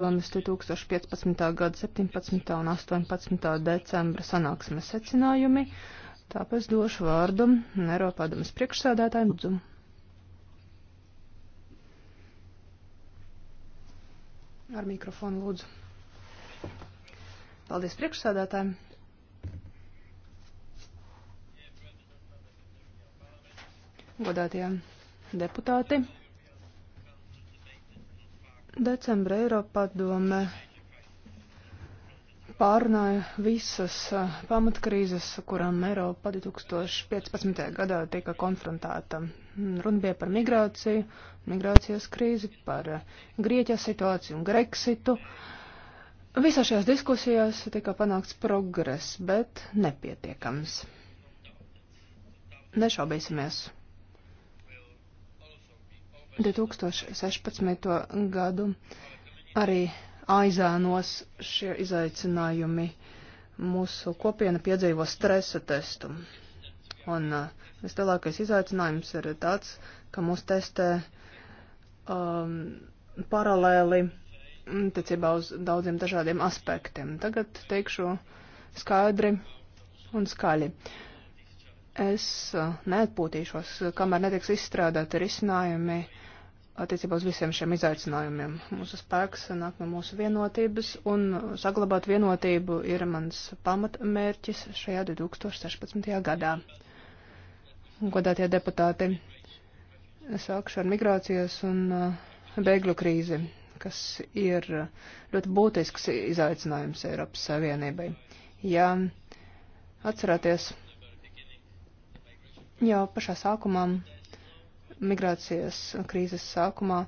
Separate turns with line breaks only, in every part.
Zelandes 2015. gada 17. un 18. decembra sanāksmes secinājumi, tāpēc došu vārdu Eiropādamas priekšsēdētājiem lūdzu. Ar mikrofonu lūdzu. Paldies priekšsēdētājiem. Godātie deputāti. Decembra Eiropā doma pārnāja visas uh, pamatkrīzes, kurām Eiropa 2015. gadā tika konfrontēta. Runa bija par migrāciju, migrācijas krīzi, par uh, Grieķijas situāciju un Greksitu. Visā šajās diskusijās tika panākts progress, bet nepietiekams. Nešaubīsimies. 2016. gadu arī aizēnos šie izaicinājumi. Mūsu kopiena piedzīvo stresa testu. Un uh, vislielākais izaicinājums ir tāds, ka mūs testē um, paralēli ticībā uz daudziem dažādiem aspektiem. Tagad teikšu skaidri un skaļi. Uh, Es uh, neatpūtīšos, kamēr netiks izstrādāti risinājumi attiecībā uz visiem šiem izaicinājumiem. Mūsu spēks nāk no mūsu vienotības, un saglabāt vienotību ir mans pamatmērķis šajā 2016. gadā. Godātie deputāti, sākšu ar migrācijas un uh, bēgļu krīzi, kas ir ļoti būtisks izaicinājums Eiropas Savienībai. Ja atcerāties Jau pašā sākumā, migrācijas krīzes sākumā,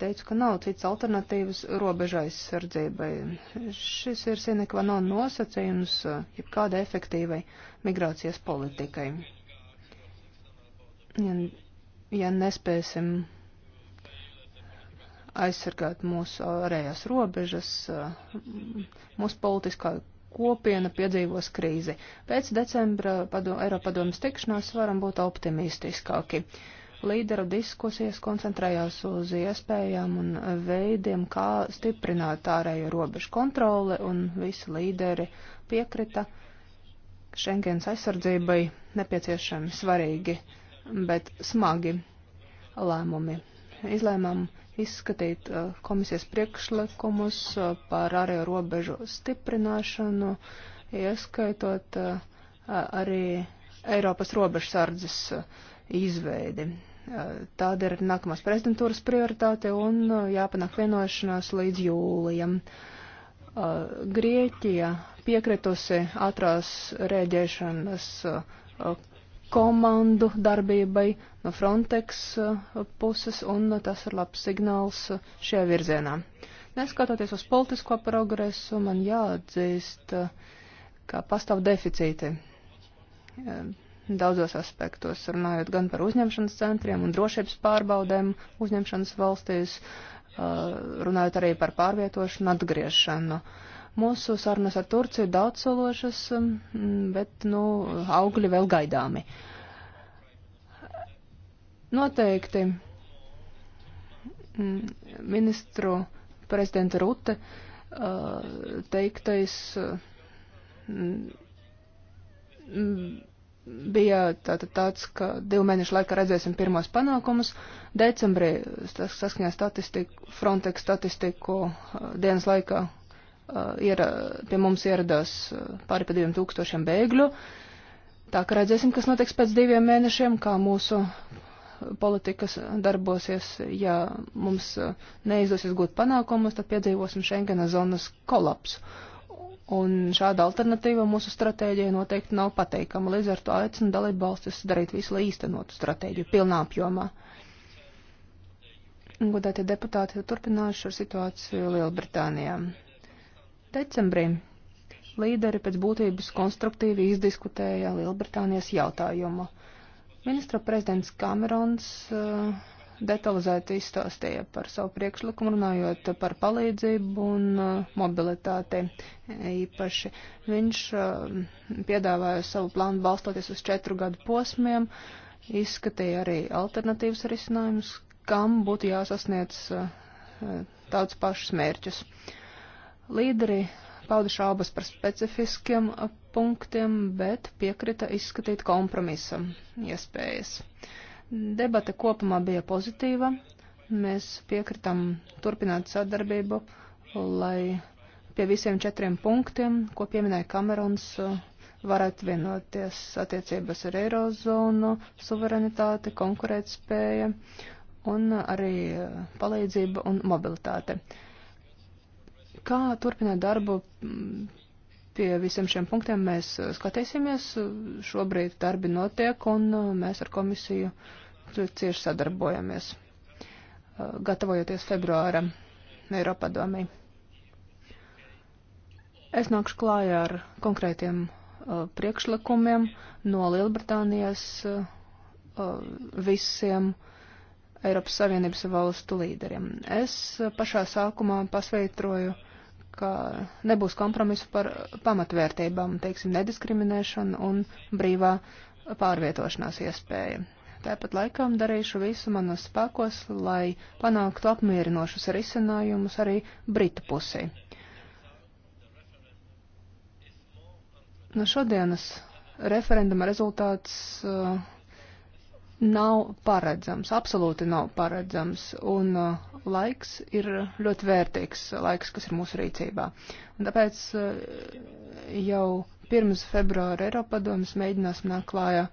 teicu, ka nav cits alternatīvas robeža aizsardzībai. Šis ir sinekva nav nosacījums eh, jebkāda efektīvai migrācijas politikai. Ja, ja nespēsim aizsargāt mūsu ārējās robežas, eh, mūsu politiskā kopiena piedzīvos krīzi. Pēc decembra padu, Eiropadomas tikšanās varam būt optimistiskāki. Līderu diskusijas koncentrējās uz iespējām un veidiem, kā stiprināt ārējo robežu kontroli, un visi līderi piekrita Schengens aizsardzībai nepieciešami svarīgi, bet smagi lēmumi. Izlēmām uh, izskatīt komisijas priekšlikumus par ārējo robežu stiprināšanu, ieskaitot arī Eiropas robežsardzes izveidi. Tāda ir nākamās prezidentūras prioritāte un jāpanāk vienošanās līdz jūlijam. Grieķija piekritusi ātrās rēģēšanas komandu darbībai no Frontex uh, puses, un tas ir labs signāls uh, šajā virzienā. Neskatoties uz politisko progresu, man jāatzīst, uh, ka pastāv deficīti daudzos aspektos, runājot gan par uzņemšanas centriem un drošības pārbaudēm uzņemšanas valstīs, runājot arī par pārvietošanu, atgriešanu. Uh, Mūsu sarunas ar Turciju daudz sološas, mm, bet, nu, augļi vēl gaidāmi. Noteikti mm, ministru prezidenta Rute teiktais mm, bija tātad tāds, ka divu mēnešu laikā redzēsim pirmos panākumus. Decembrī saskaņā statistiku, Frontex statistiku dienas laikā Uh, ir, pie mums ieradās uh, pāri pa diviem tūkstošiem bēgļu. Tā ka redzēsim, kas notiks pēc diviem mēnešiem, kā mūsu politikas darbosies. Ja mums uh, neizdosies gūt panākumus, tad piedzīvosim Schengena zonas kolapsu. Un šāda alternatīva mūsu stratēģijai noteikti nav pateikama. Līdz ar to aicinu dalību valstis darīt visu, lai īstenotu stratēģiju pilnā apjomā. Godātie deputāti, turpināšu ar situāciju Lielbritānijā. Decembrī līderi pēc būtības konstruktīvi izdiskutēja Lielbritānijas jautājumu. Ministra prezidents Kamerons uh, detalizēti izstāstīja par savu priekšlikumu, runājot par palīdzību un uh, mobilitāti īpaši. Viņš uh, piedāvāja savu plānu balstoties uz četru gadu posmiem, izskatīja arī alternatīvas risinājumus, kam būtu jāsasniedz tādus pašus mērķus. Uh, Līderi pauda šaubas par specifiskiem punktiem, bet piekrita izskatīt kompromisa iespējas. Debate kopumā bija pozitīva. Mēs piekritam turpināt sadarbību, lai pie visiem četriem punktiem, ko pieminēja Kamerons, varētu vienoties attiecības ar Eirozonu, suverenitāti, konkurētspēja un arī palīdzība un mobilitāte. Uh, Kā turpināt darbu mm, pie visiem šiem punktiem, mēs uh, skatīsimies. Uh, šobrīd darbi notiek un uh, mēs ar komisiju cieši sadarbojamies, gatavojoties februāra Eiropadomī. Es nākšu klājā ar konkrētiem uh, priekšlikumiem no Lielbritānijas uh, visiem Eiropas Savienības valstu līderiem. Es pašā sākumā pasveitroju uh, ka nebūs kompromisu par pamatvērtībām, teiksim, nediskriminēšanu un brīvā pārvietošanās iespēja. Tāpat laikā darīšu visu manos spēkos, lai panāktu apmierinošus risinājumus arī Britu pusē. No šodienas referenduma rezultāts uh, nav paredzams, absolūti nav paredzams, un uh, laiks ir ļoti vērtīgs, laiks, kas ir mūsu rīcībā. Un tāpēc uh, jau pirms februāra Eiropadomas mēģināsim nākt klājā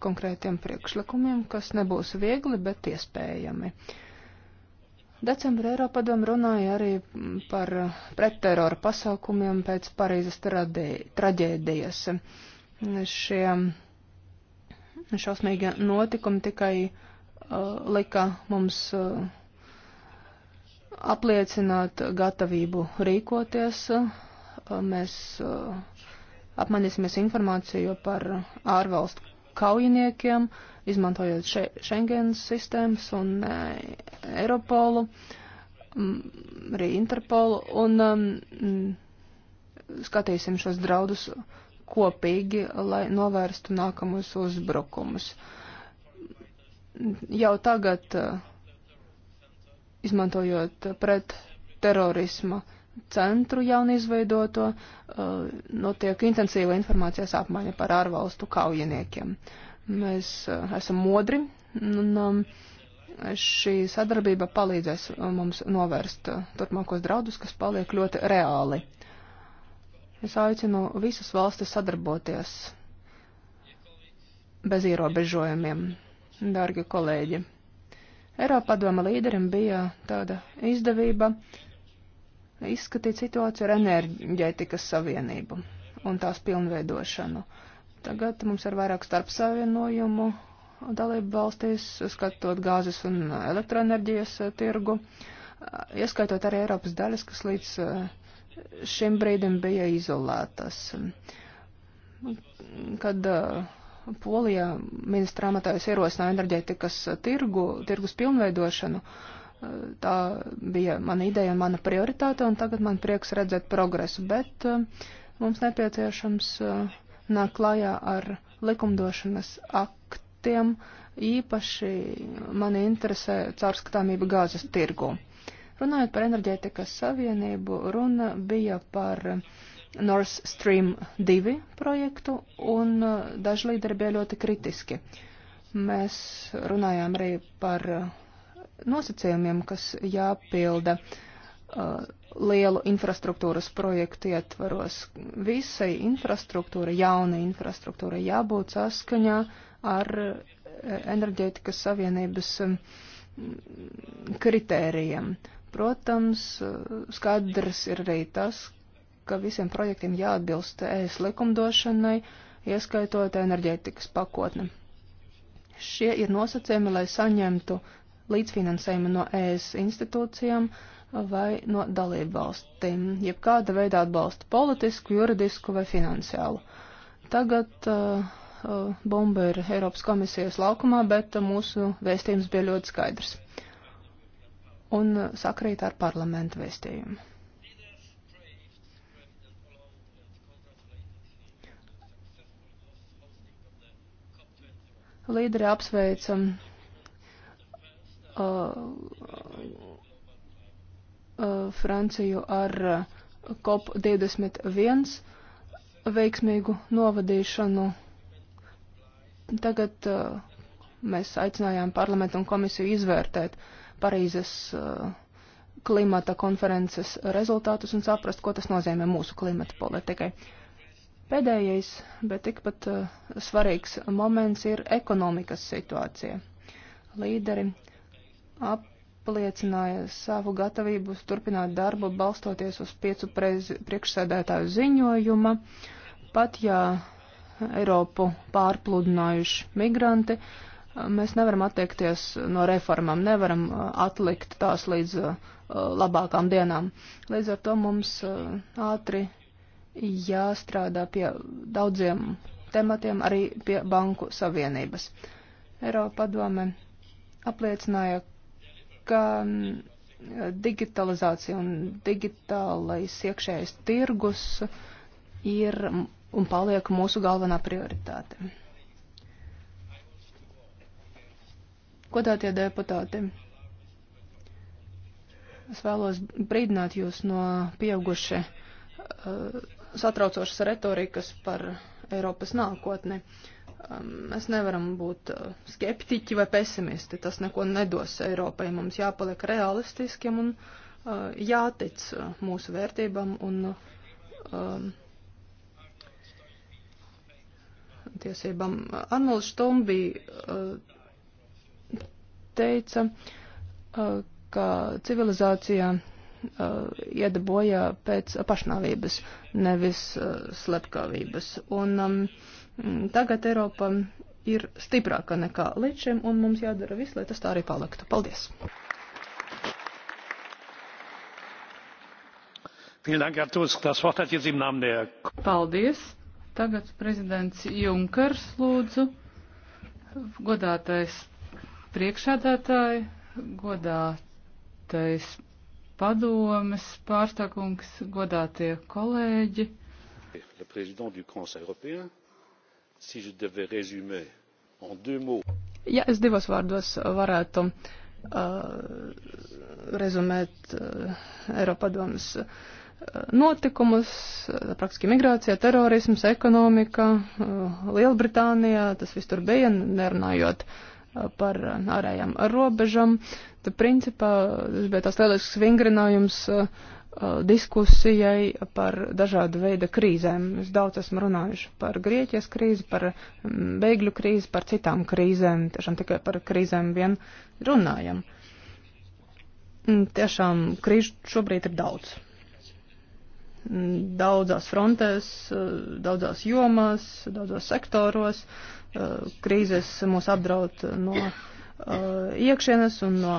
konkrētiem priekšlikumiem, kas nebūs viegli, bet iespējami. Decembra Eiropadoma runāja arī par uh, pretterora pasākumiem pēc Parīzes traģēdijas. Šie Šausmīgie notikumi tikai uh, lika mums uh, apliecināt gatavību rīkoties. Uh, mēs uh, apmainīsimies informāciju par ārvalstu kaujiniekiem, izmantojot še Schengens sistēmas un uh, Eiropolu, um, arī Interpolu, un um, mm, skatīsim šos draudus. Uh, kopīgi, lai novērstu nākamus uzbrukumus. Jau tagad, eh, izmantojot pret terorisma centru jaunu izveidoto, eh, notiek intensīva informācijas apmaiņa par ārvalstu kaujiniekiem. Mēs eh, esam modri, un um, šī sadarbība palīdzēs mums novērst turpmākos draudus, kas paliek ļoti reāli. Es aicinu visas valstis sadarboties bez ierobežojumiem, dārgi kolēģi. Eiropadoma līderim bija tāda izdevība izskatīt situāciju ar enerģētikas savienību un tās pilnveidošanu. Tagad mums ir vairāk starpsavienojumu dalību valstīs, skatot gāzes un elektroenerģijas tirgu, ieskaitot arī Eiropas daļas, kas līdz uh, šim brīdim bija izolētas. Kad uh, Polija ministra amatājus ierosināja enerģētikas tirgu, tirgus pilnveidošanu, uh, tā bija mana ideja un mana prioritāte, un tagad man prieks redzēt progresu, bet uh, mums nepieciešams nāk klājā ar likumdošanas aktiem, īpaši mani interesē caurskatāmība gāzes tirgu. Runājot par enerģētikas savienību, runa bija par Nord Stream 2 projektu, un uh, daži līderi bija ļoti kritiski. Mēs runājām arī par uh, nosacījumiem, kas jāpilda uh, lielu infrastruktūras projektu ietvaros. Visai infrastruktūra, jauna infrastruktūra jābūt saskaņā ar uh, enerģētikas savienības um, kritērijiem. Protams, skaidrs ir arī tas, ka visiem projektiem jāatbilst ES likumdošanai, ieskaitot enerģētikas pakotni. Šie ir nosacījumi, lai saņemtu līdzfinansējumu no ES institūcijām vai no dalību valstīm, jeb kāda veida atbalstu politisku, juridisku vai finansiālu. Tagad uh, uh bomba ir Eiropas komisijas laukumā, bet uh, mūsu vēstījums bija ļoti skaidrs. Uh, un sakrīt ar parlamentu vēstījumu. Līderi apsveicam uh, uh, Franciju ar uh, COP21 veiksmīgu novadīšanu. Tagad uh, mēs aicinājām parlamentu un komisiju izvērtēt uh, Parīzes eh, klimata konferences rezultātus un saprast, ko tas nozīmē mūsu klimata politikai. Pēdējais, bet tikpat eh, svarīgs moments ir ekonomikas situācija. Līderi apliecināja savu gatavību turpināt darbu, balstoties uz piecu priekšsēdētāju ziņojuma, pat ja Eiropu pārpludinājuši migranti, uh, Mēs nevaram attiekties no reformām, nevaram uh, atlikt tās līdz uh, labākām dienām. Līdz ar to mums uh, ātri jāstrādā pie daudziem tematiem, arī pie Banku Savienības. Eiropa padome apliecināja, ka mm, digitalizācija un digitālais iekšējais tirgus ir un paliek mūsu galvenā prioritāte. Godātie deputāti, es vēlos brīdināt jūs no pieauguši uh, satraucošas retorikas par Eiropas nākotni. Um, mēs nevaram būt uh, skeptiķi vai pesimisti, tas neko nedos Eiropai. Mums jāpaliek realistiskiem un uh, jātic uh, mūsu vērtībām un uh, tiesībām. Arnolds Štombī uh, teica, ka civilizācijā iedaboja pēc pašnāvības, nevis slepkavības. Un um, tagad Eiropa ir stiprāka nekā līdz šim, un mums jādara viss, lai tas tā arī paliktu.
Paldies! Paldies! Tagad prezidents Junkers lūdzu, godātais priekšādātāji, godātais padomes pārstāvkungs, godātie kolēģi.
Le président du Conseil européen, si je devais résumer en deux mots.
Ja es divos vārdos varētu uh, rezumēt uh, Eiropadomas uh, notikumus, uh, praktiski migrācija, terorisms, ekonomika, uh, Lielbritānijā, tas viss tur bija, nerunājot uh, par ārējām robežām. Tad, principā, tas bija tās lielisks vingrinājums uh, uh, diskusijai par dažādu veidu krīzēm. Es daudz esmu runājuši par Grieķijas krīzi, par mm, bēgļu krīzi, par citām krīzēm. Tiešām tikai par krīzēm vien runājam. Mm, tiešām krīžu šobrīd ir daudz mm, daudzās frontēs, uh, daudzās jomās, daudzos sektoros. Eh, krīzes mūs apdraud no eh, iekšienes un no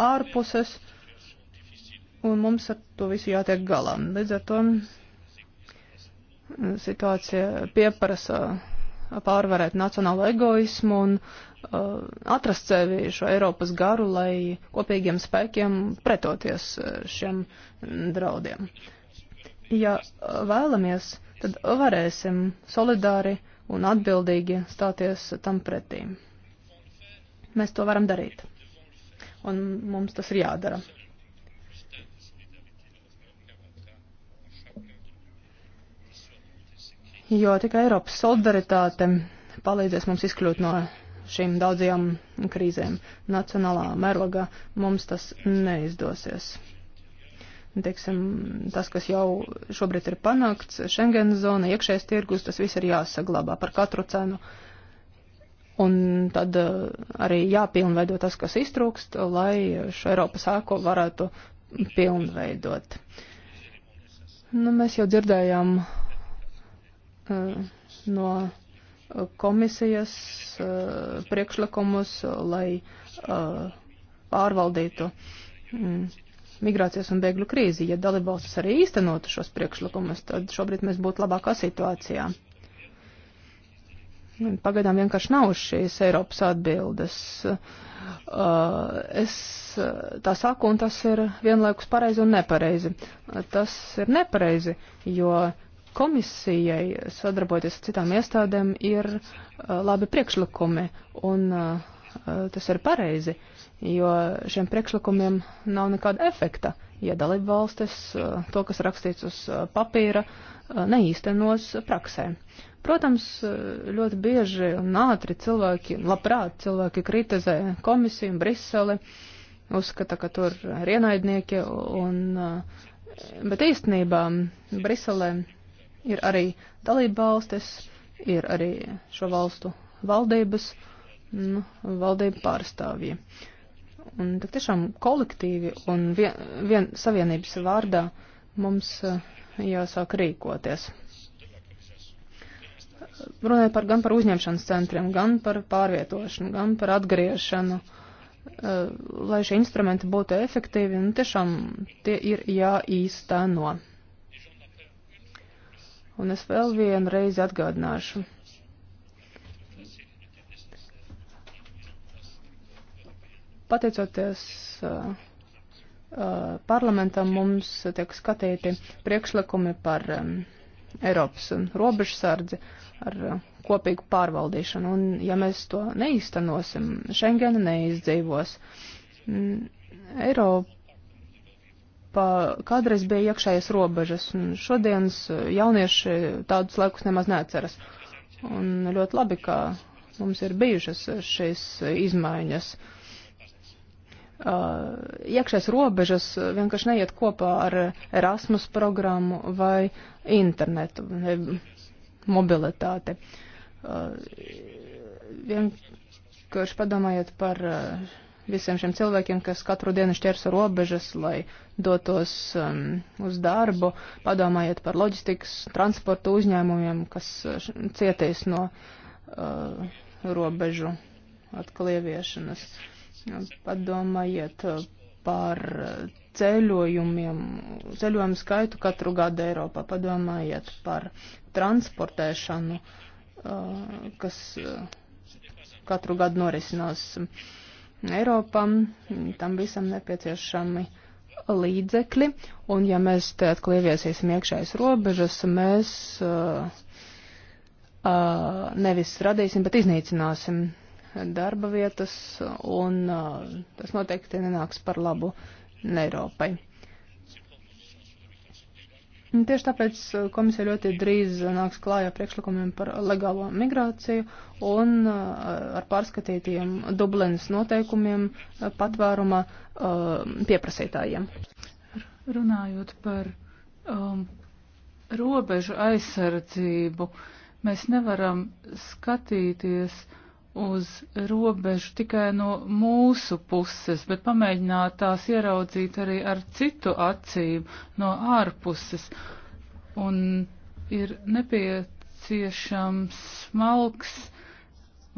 ārpuses, un mums ar to visu jātiek galā. Līdz ar to mm, situācija pieprasa pārvarēt nacionālo egoismu un eh, atrast sevi šo Eiropas garu, lai kopīgiem spēkiem pretoties šiem draudiem. Ja vēlamies, tad varēsim solidāri uh, un atbildīgi stāties tam pretī. Mēs to varam darīt. Un mums tas ir jādara. Jo tikai Eiropas solidaritāte palīdzēs mums izkļūt no šīm daudzajām krīzēm. Nacionālā mērogā mums tas neizdosies teiksim, tas, kas jau šobrīd ir panākts, Schengen zona, iekšējais tirgus, tas viss ir jāsaglabā par katru cenu. Un tad eh, arī jāpilnveido tas, kas iztrūkst, lai šo Eiropas ēko varētu pilnveidot. Nu, mēs jau dzirdējām uh, no komisijas uh, priekšlikumus, lai uh, pārvaldītu. Um, migrācijas un bēgļu krīzi. Ja dalībvalstis arī īstenotu šos priekšlikumus, tad šobrīd mēs būtu labākā situācijā. Pagaidām vienkārši nav šīs Eiropas atbildes. Es tā saku, un tas ir vienlaikus pareizi un nepareizi. Tas ir nepareizi, jo komisijai sadarboties ar citām iestādēm ir labi priekšlikumi, un Eh, tas ir pareizi, jo šiem priekšlikumiem nav nekāda efekta, ja dalība valstis eh, to, kas rakstīts uz eh, papīra, neīstenos praksē. Protams, ļoti bieži un ātri cilvēki, labprāt cilvēki kritizē komisiju un Briseli, uzskata, ka tur ir ienaidnieki, un, bet īstenībā Briselē ir arī dalība valstis, ir arī šo valstu valdības. Uh, nu, valdību pārstāvji. Un tad tiešām kolektīvi un vien, vien savienības vārdā mums eh, jāsāk rīkoties. Runājot par, gan par uzņemšanas centriem, gan par pārvietošanu, gan par atgriešanu, eh, lai šie instrumenti būtu efektīvi, nu, tiešām tie ir jāīsteno. Un es vēl vienu reizi atgādināšu Pateicoties uh, uh, parlamentam, mums tiek skatīti priekšlikumi par um, Eiropas robežsardzi ar uh, kopīgu pārvaldīšanu. Un, ja mēs to neiztenosim, Schengena neizdzīvos. Mm, Eiropa Eiropā kādreiz bija iekšējas robežas, un šodienas jaunieši tādus laikus nemaz neatceras. Un ļoti labi, ka mums ir bijušas šīs izmaiņas. Uh, iekšējas robežas vienkārši neiet kopā ar Erasmus programmu vai internetu, mobilitāti. Uh, vienkārši padomājiet par uh, visiem šiem cilvēkiem, kas katru dienu šķērso robežas, lai dotos um, uz darbu. Padomājiet par loģistikas, transporta uzņēmumiem, kas cietīs no uh, robežu atklāviešanas. Uh, Padomājiet uh, par ceļojumiem, ceļojumu skaitu katru gadu Eiropā. Padomājiet par transportēšanu, uh, kas uh, katru gadu norisinās Eiropā. Tam visam nepieciešami līdzekļi, un ja mēs te atkal ieviesīsim iekšējas robežas, mēs uh, uh, nevis radīsim, bet iznīcināsim darba vietas, un uh, tas noteikti nenāks par labu Eiropai. Tieši tāpēc uh, komisija ļoti drīz nāks klājā priekšlikumiem par legālo migrāciju un uh, ar pārskatītiem Dublinas noteikumiem patvēruma pieprasītājiem.
Runājot par um, robežu aizsardzību, mēs nevaram skatīties uz robežu tikai no mūsu puses, bet pamēģināt tās ieraudzīt arī ar citu acīm, no ārpuses. Un ir nepieciešams smalks,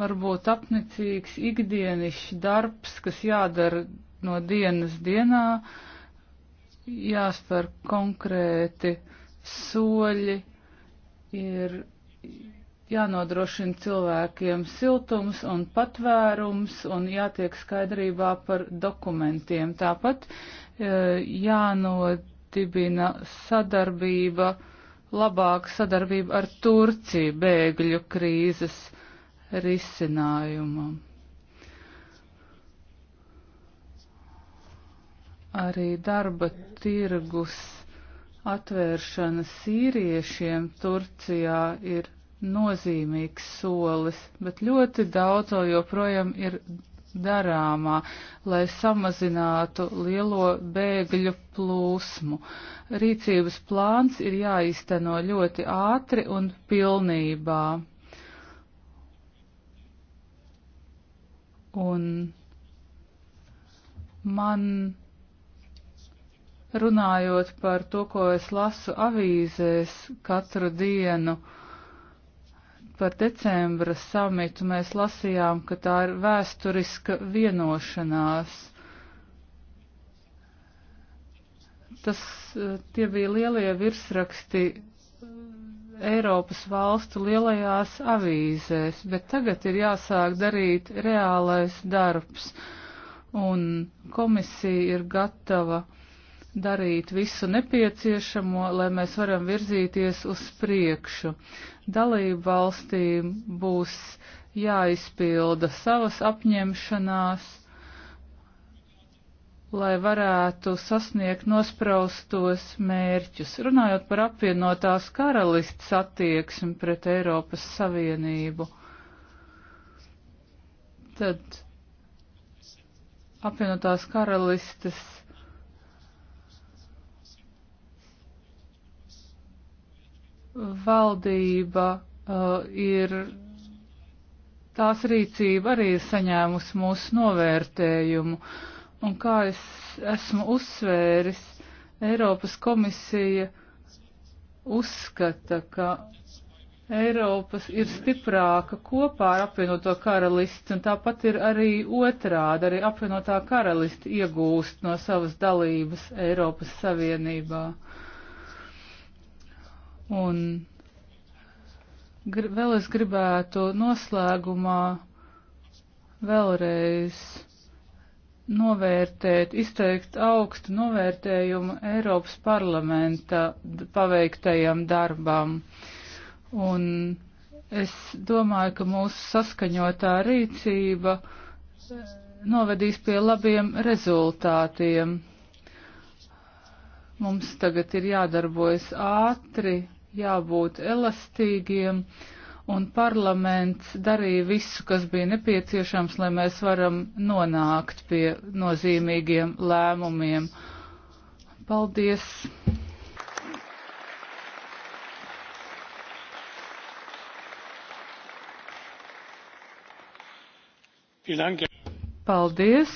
varbūt apnicīgs ikdienišs darbs, kas jādara no dienas dienā, jāspēr konkrēti soļi, ir jānodrošina cilvēkiem siltums un patvērums un jātiek skaidrībā par dokumentiem. Tāpat e, jānodibina sadarbība, labāka sadarbība ar Turciju bēgļu krīzes risinājumam. Arī darba tirgus atvēršana sīriešiem Turcijā ir nozīmīgs solis, bet ļoti daudz vēl joprojām ir darāmā, lai samazinātu lielo bēgļu plūsmu. Rīcības plāns ir jāizteno ļoti ātri un pilnībā. Un man runājot par to, ko es lasu avīzēs katru dienu, uh, par decembra samitu mēs lasījām, ka tā ir vēsturiska vienošanās. Tas, eh, tie bija lielie virsraksti eh, Eiropas valstu lielajās avīzēs, bet tagad ir jāsāk darīt reālais darbs, un komisija ir gatava uh, darīt visu nepieciešamo, lai mēs varam virzīties uz priekšu. Dalību valstīm būs jāizpilda savas apņemšanās, lai varētu sasniegt nospraustos mērķus. Runājot par apvienotās karalists attieksmi pret Eiropas Savienību, tad apvienotās karalistes valdība uh, ir, tās rīcība arī ir saņēmusi mūsu novērtējumu. Un kā es esmu uzsvēris, Eiropas komisija uzskata, ka Eiropas ir stiprāka kopā ar apvienoto karalisti, un tāpat ir arī otrādi, arī apvienotā karalisti iegūst no savas dalības Eiropas Savienībā. Uh, Un gr vēl es gribētu noslēgumā vēlreiz novērtēt, izteikt augstu novērtējumu Eiropas parlamenta paveiktajam darbam. Un es domāju, ka mūsu saskaņotā rīcība e, novedīs pie labiem rezultātiem. Mums tagad ir jādarbojas ātri jābūt elastīgiem, un parlaments darīja visu, kas bija nepieciešams, lai mēs varam nonākt pie nozīmīgiem lēmumiem. Paldies! Paldies,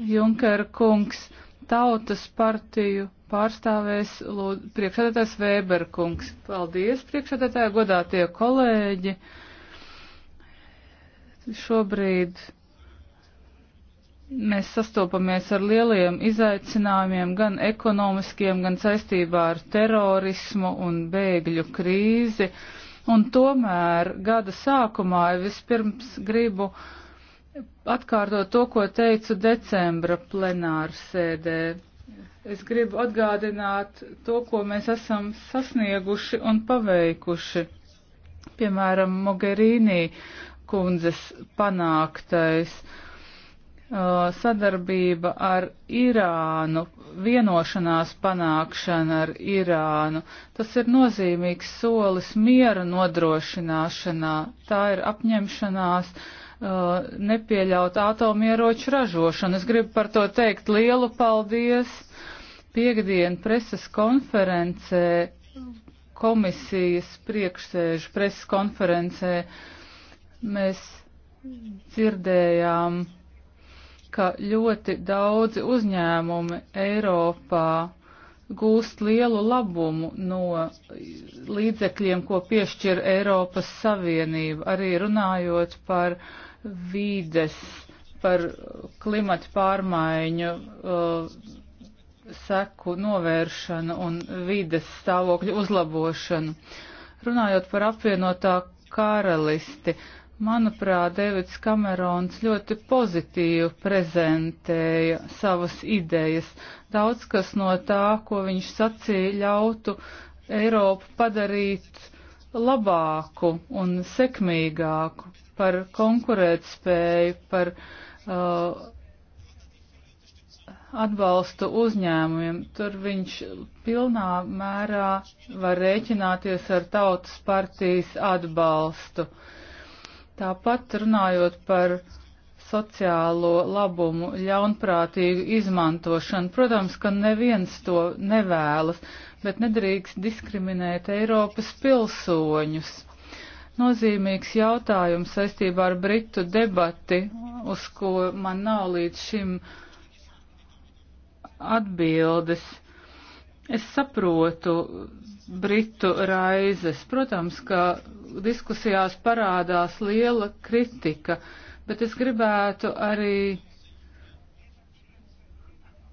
Junkera kungs! tautas partiju pārstāvēs priekšsēdētājs Vēberkungs. Paldies, priekšsēdētāji, godātie kolēģi. Šobrīd mēs sastopamies ar lieliem izaicinājumiem, gan ekonomiskiem, gan saistībā ar terorismu un bēgļu krīzi. Un tomēr gada sākumā vispirms gribu uh, atkārtot to, ko teicu decembra plenāru sēdē. Es gribu atgādināt to, ko mēs esam sasnieguši un paveikuši. Piemēram, Mogherīnī kundzes panāktais sadarbība ar Irānu, vienošanās panākšana ar Irānu. Tas ir nozīmīgs solis miera nodrošināšanā. Tā ir apņemšanās uh, uh, nepieļaut atomieroču ražošanu. Es gribu par to teikt lielu paldies. Piektdien preses konferencē, komisijas priekšsēžu preses konferencē mēs dzirdējām, ka ļoti daudzi uzņēmumi Eiropā gūst lielu labumu no līdzekļiem, ko piešķir Eiropas Savienība, arī runājot par vīdes, par klimatu pārmaiņu uh, seku novēršanu un vīdes stāvokļu uzlabošanu. Runājot par apvienotā karalisti, manuprāt, Deivids Kamerons ļoti pozitīvi prezentēja savas idejas. Daudz kas no tā, ko viņš sacīja, ļautu Eiropu padarīt labāku un sekmīgāku par konkurētspēju, par uh, atbalstu uzņēmumiem. Tur viņš pilnā mērā var rēķināties ar tautas partijas atbalstu. Tāpat runājot par sociālo labumu, ļaunprātīgu izmantošanu. Protams, ka neviens to nevēlas, bet nedrīkst diskriminēt Eiropas pilsoņus nozīmīgs jautājums saistībā ar Britu debati, uz ko man nav līdz šim atbildes. Es saprotu Britu raizes. Protams, ka diskusijās parādās liela kritika, bet es gribētu arī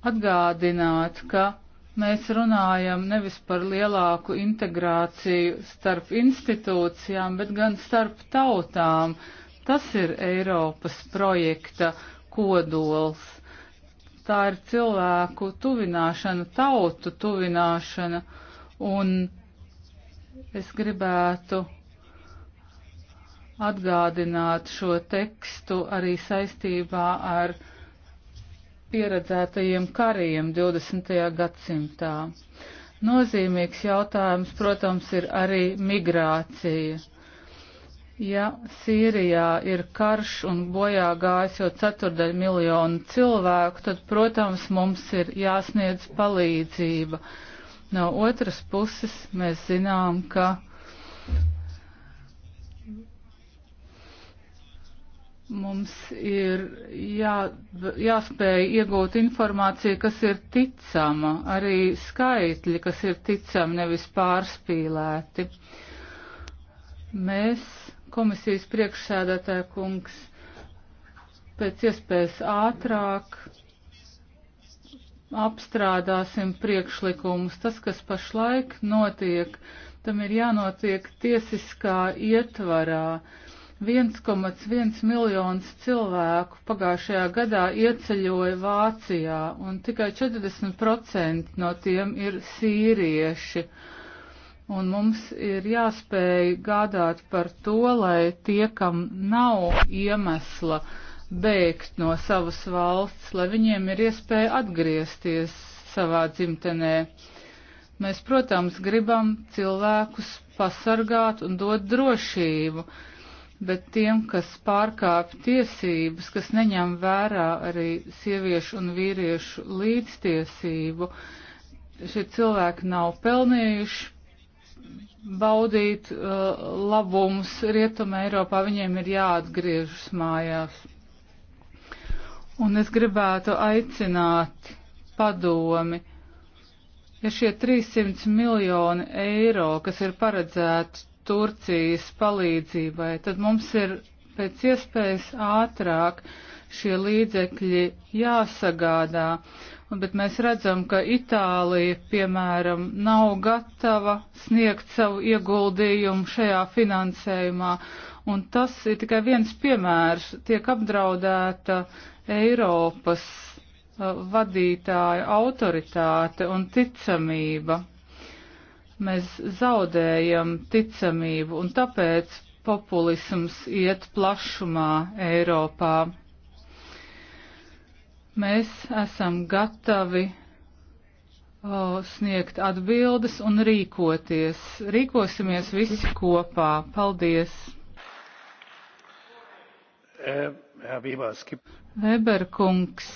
atgādināt, ka Mēs runājam nevis par lielāku integrāciju starp institūcijām, bet gan starp tautām. Tas ir Eiropas projekta kodols. Tā ir cilvēku tuvināšana, tautu tuvināšana. Un es gribētu atgādināt šo tekstu arī saistībā ar pieredzētajiem kariem 20. gadsimtā. Nozīmīgs jautājums, protams, ir arī migrācija. Ja Sīrijā ir karš un bojā gājis jau ceturdaļ miljonu cilvēku, tad, protams, mums ir jāsniedz palīdzība. No otras puses mēs zinām, ka Mums ir jā, jāspēj iegūt informāciju, kas ir ticama, arī skaitļi, kas ir ticami, nevis pārspīlēti. Mēs, komisijas priekšsēdētāja kungs, pēc iespējas ātrāk apstrādāsim priekšlikumus. Tas, kas pašlaik notiek, tam ir jānotiek tiesiskā ietvarā. Uh, 1,1 miljonus cilvēku pagājušajā gadā ieceļoja Vācijā, un tikai 40% no tiem ir sīrieši. Un mums ir jāspēj gādāt par to, lai tie, kam nav iemesla bēgt no savas valsts, lai viņiem ir iespēja atgriezties savā dzimtenē. Mēs, protams, gribam cilvēkus pasargāt un dot drošību bet tiem, kas pārkāp tiesības, kas neņem vērā arī sieviešu un vīriešu līdztiesību, šie cilvēki nav pelnījuši baudīt uh, labumus Rietuma Eiropā, viņiem ir jāatgriežas mājās. Un es gribētu aicināt padomi, ja šie 300 miljoni eiro, kas ir paredzēti Turcijas palīdzībai, tad mums ir pēc iespējas ātrāk šie līdzekļi jāsagādā. Un, bet mēs redzam, ka Itālija, piemēram, nav gatava sniegt savu ieguldījumu šajā finansējumā. Un tas ir tikai viens piemērs. Tiek apdraudēta Eiropas uh, vadītāja autoritāte un ticamība mēs zaudējam ticamību, un tāpēc populisms iet plašumā Eiropā. Mēs esam gatavi o, sniegt atbildes un rīkoties. Rīkosimies visi kopā. Paldies! Weberkungs,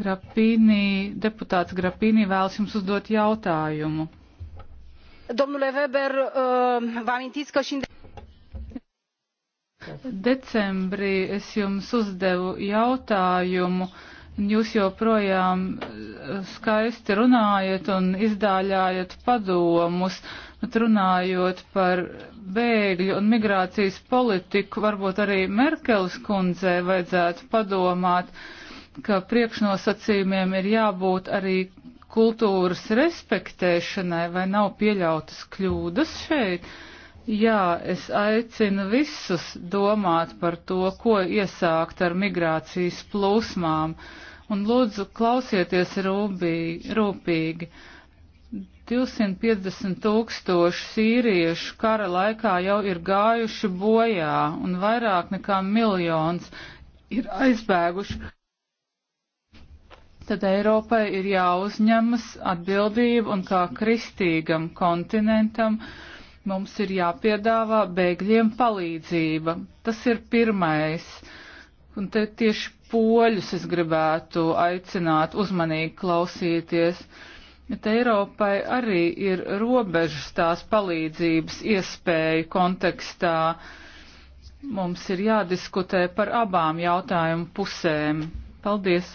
Grapīnī, deputāts Grapīnī vēlas jums uzdot jautājumu domnule weber uh, vă amintiți că și în decembrī es jums uzdevu jautājumu, un jūs joprojām uh, skaisti runājat un izdāļājat padomus, bet runājot par bēgļu un migrācijas politiku, varbūt arī Merkels kundzē vajadzētu padomāt, ka priekšnosacījumiem ir jābūt arī kultūras respektēšanai vai nav pieļautas kļūdas šeit? Jā, es aicinu visus domāt par to, ko iesākt ar migrācijas plūsmām. Un lūdzu, klausieties rūpīgi. rūpīgi. 250 tūkstoši sīriešu kara laikā jau ir gājuši bojā, un vairāk nekā miljons ir aizbēguši tad Eiropai ir jāuzņemas atbildība un kā kristīgam kontinentam mums ir jāpiedāvā bēgļiem palīdzība. Tas ir pirmais. Un te tieši poļus es gribētu aicināt uzmanīgi klausīties. Bet Eiropai arī ir robežas tās palīdzības iespēju kontekstā. Mums ir jādiskutē par abām jautājumu pusēm. Paldies!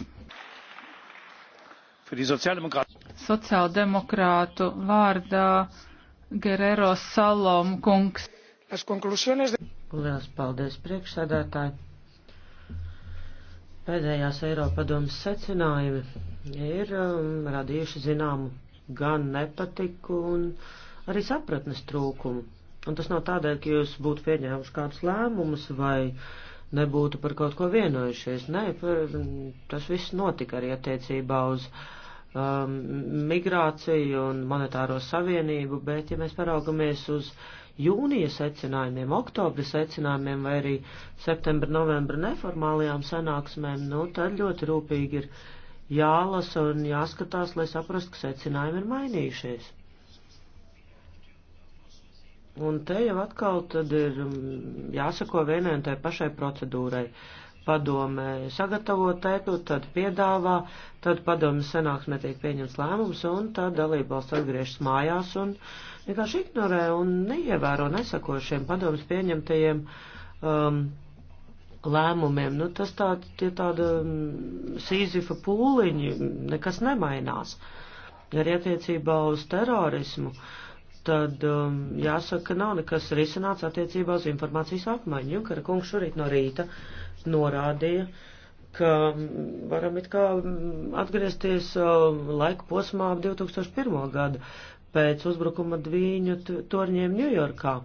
Sociāldemokrātu vārdā Gerero Salom kungs.
Lielas paldies priekšsēdētāji. Pēdējās Eiropadomas secinājumi ir um, radījuši zināmu gan nepatiku un arī sapratnes trūkumu. Un tas nav tādēļ, ka jūs būtu pieņēmuši kādus lēmumus vai nebūtu par kaut ko vienojušies. Nē, par, tas viss notika arī attiecībā uz uh, um, migrāciju un monetāro savienību, bet ja mēs paraugamies uz jūnija secinājumiem, oktobra secinājumiem vai arī septembra, novembra neformālajām sanāksmēm, nu tad ļoti rūpīgi ir jālasa un jāskatās, lai saprastu, ka secinājumi ir mainījušies. Un te jau atkal tad ir um, jāsako vienai un tai pašai procedūrai. Uh, padomē sagatavo tekstu, tad piedāvā, tad padomas sanāksmē tiek pieņems lēmums, un tad dalībvalsts atgriežas mājās un vienkārši ignorē un neievēro nesako šiem padomas pieņemtajiem um, lēmumiem. Nu, tas tā, tie tāda um, sīzifa pūliņi, nekas nemainās. Arī attiecībā uz terorismu. Uh, tad um, jāsaka, ka nav nekas risināts attiecībā uz informācijas apmaiņu. Junkara kungs šorīt no rīta norādīja, ka mm, varam it kā mm, atgriezties um, laika posmā ap 2001. gadu pēc uzbrukuma dviņu torņiem Ņujorkā.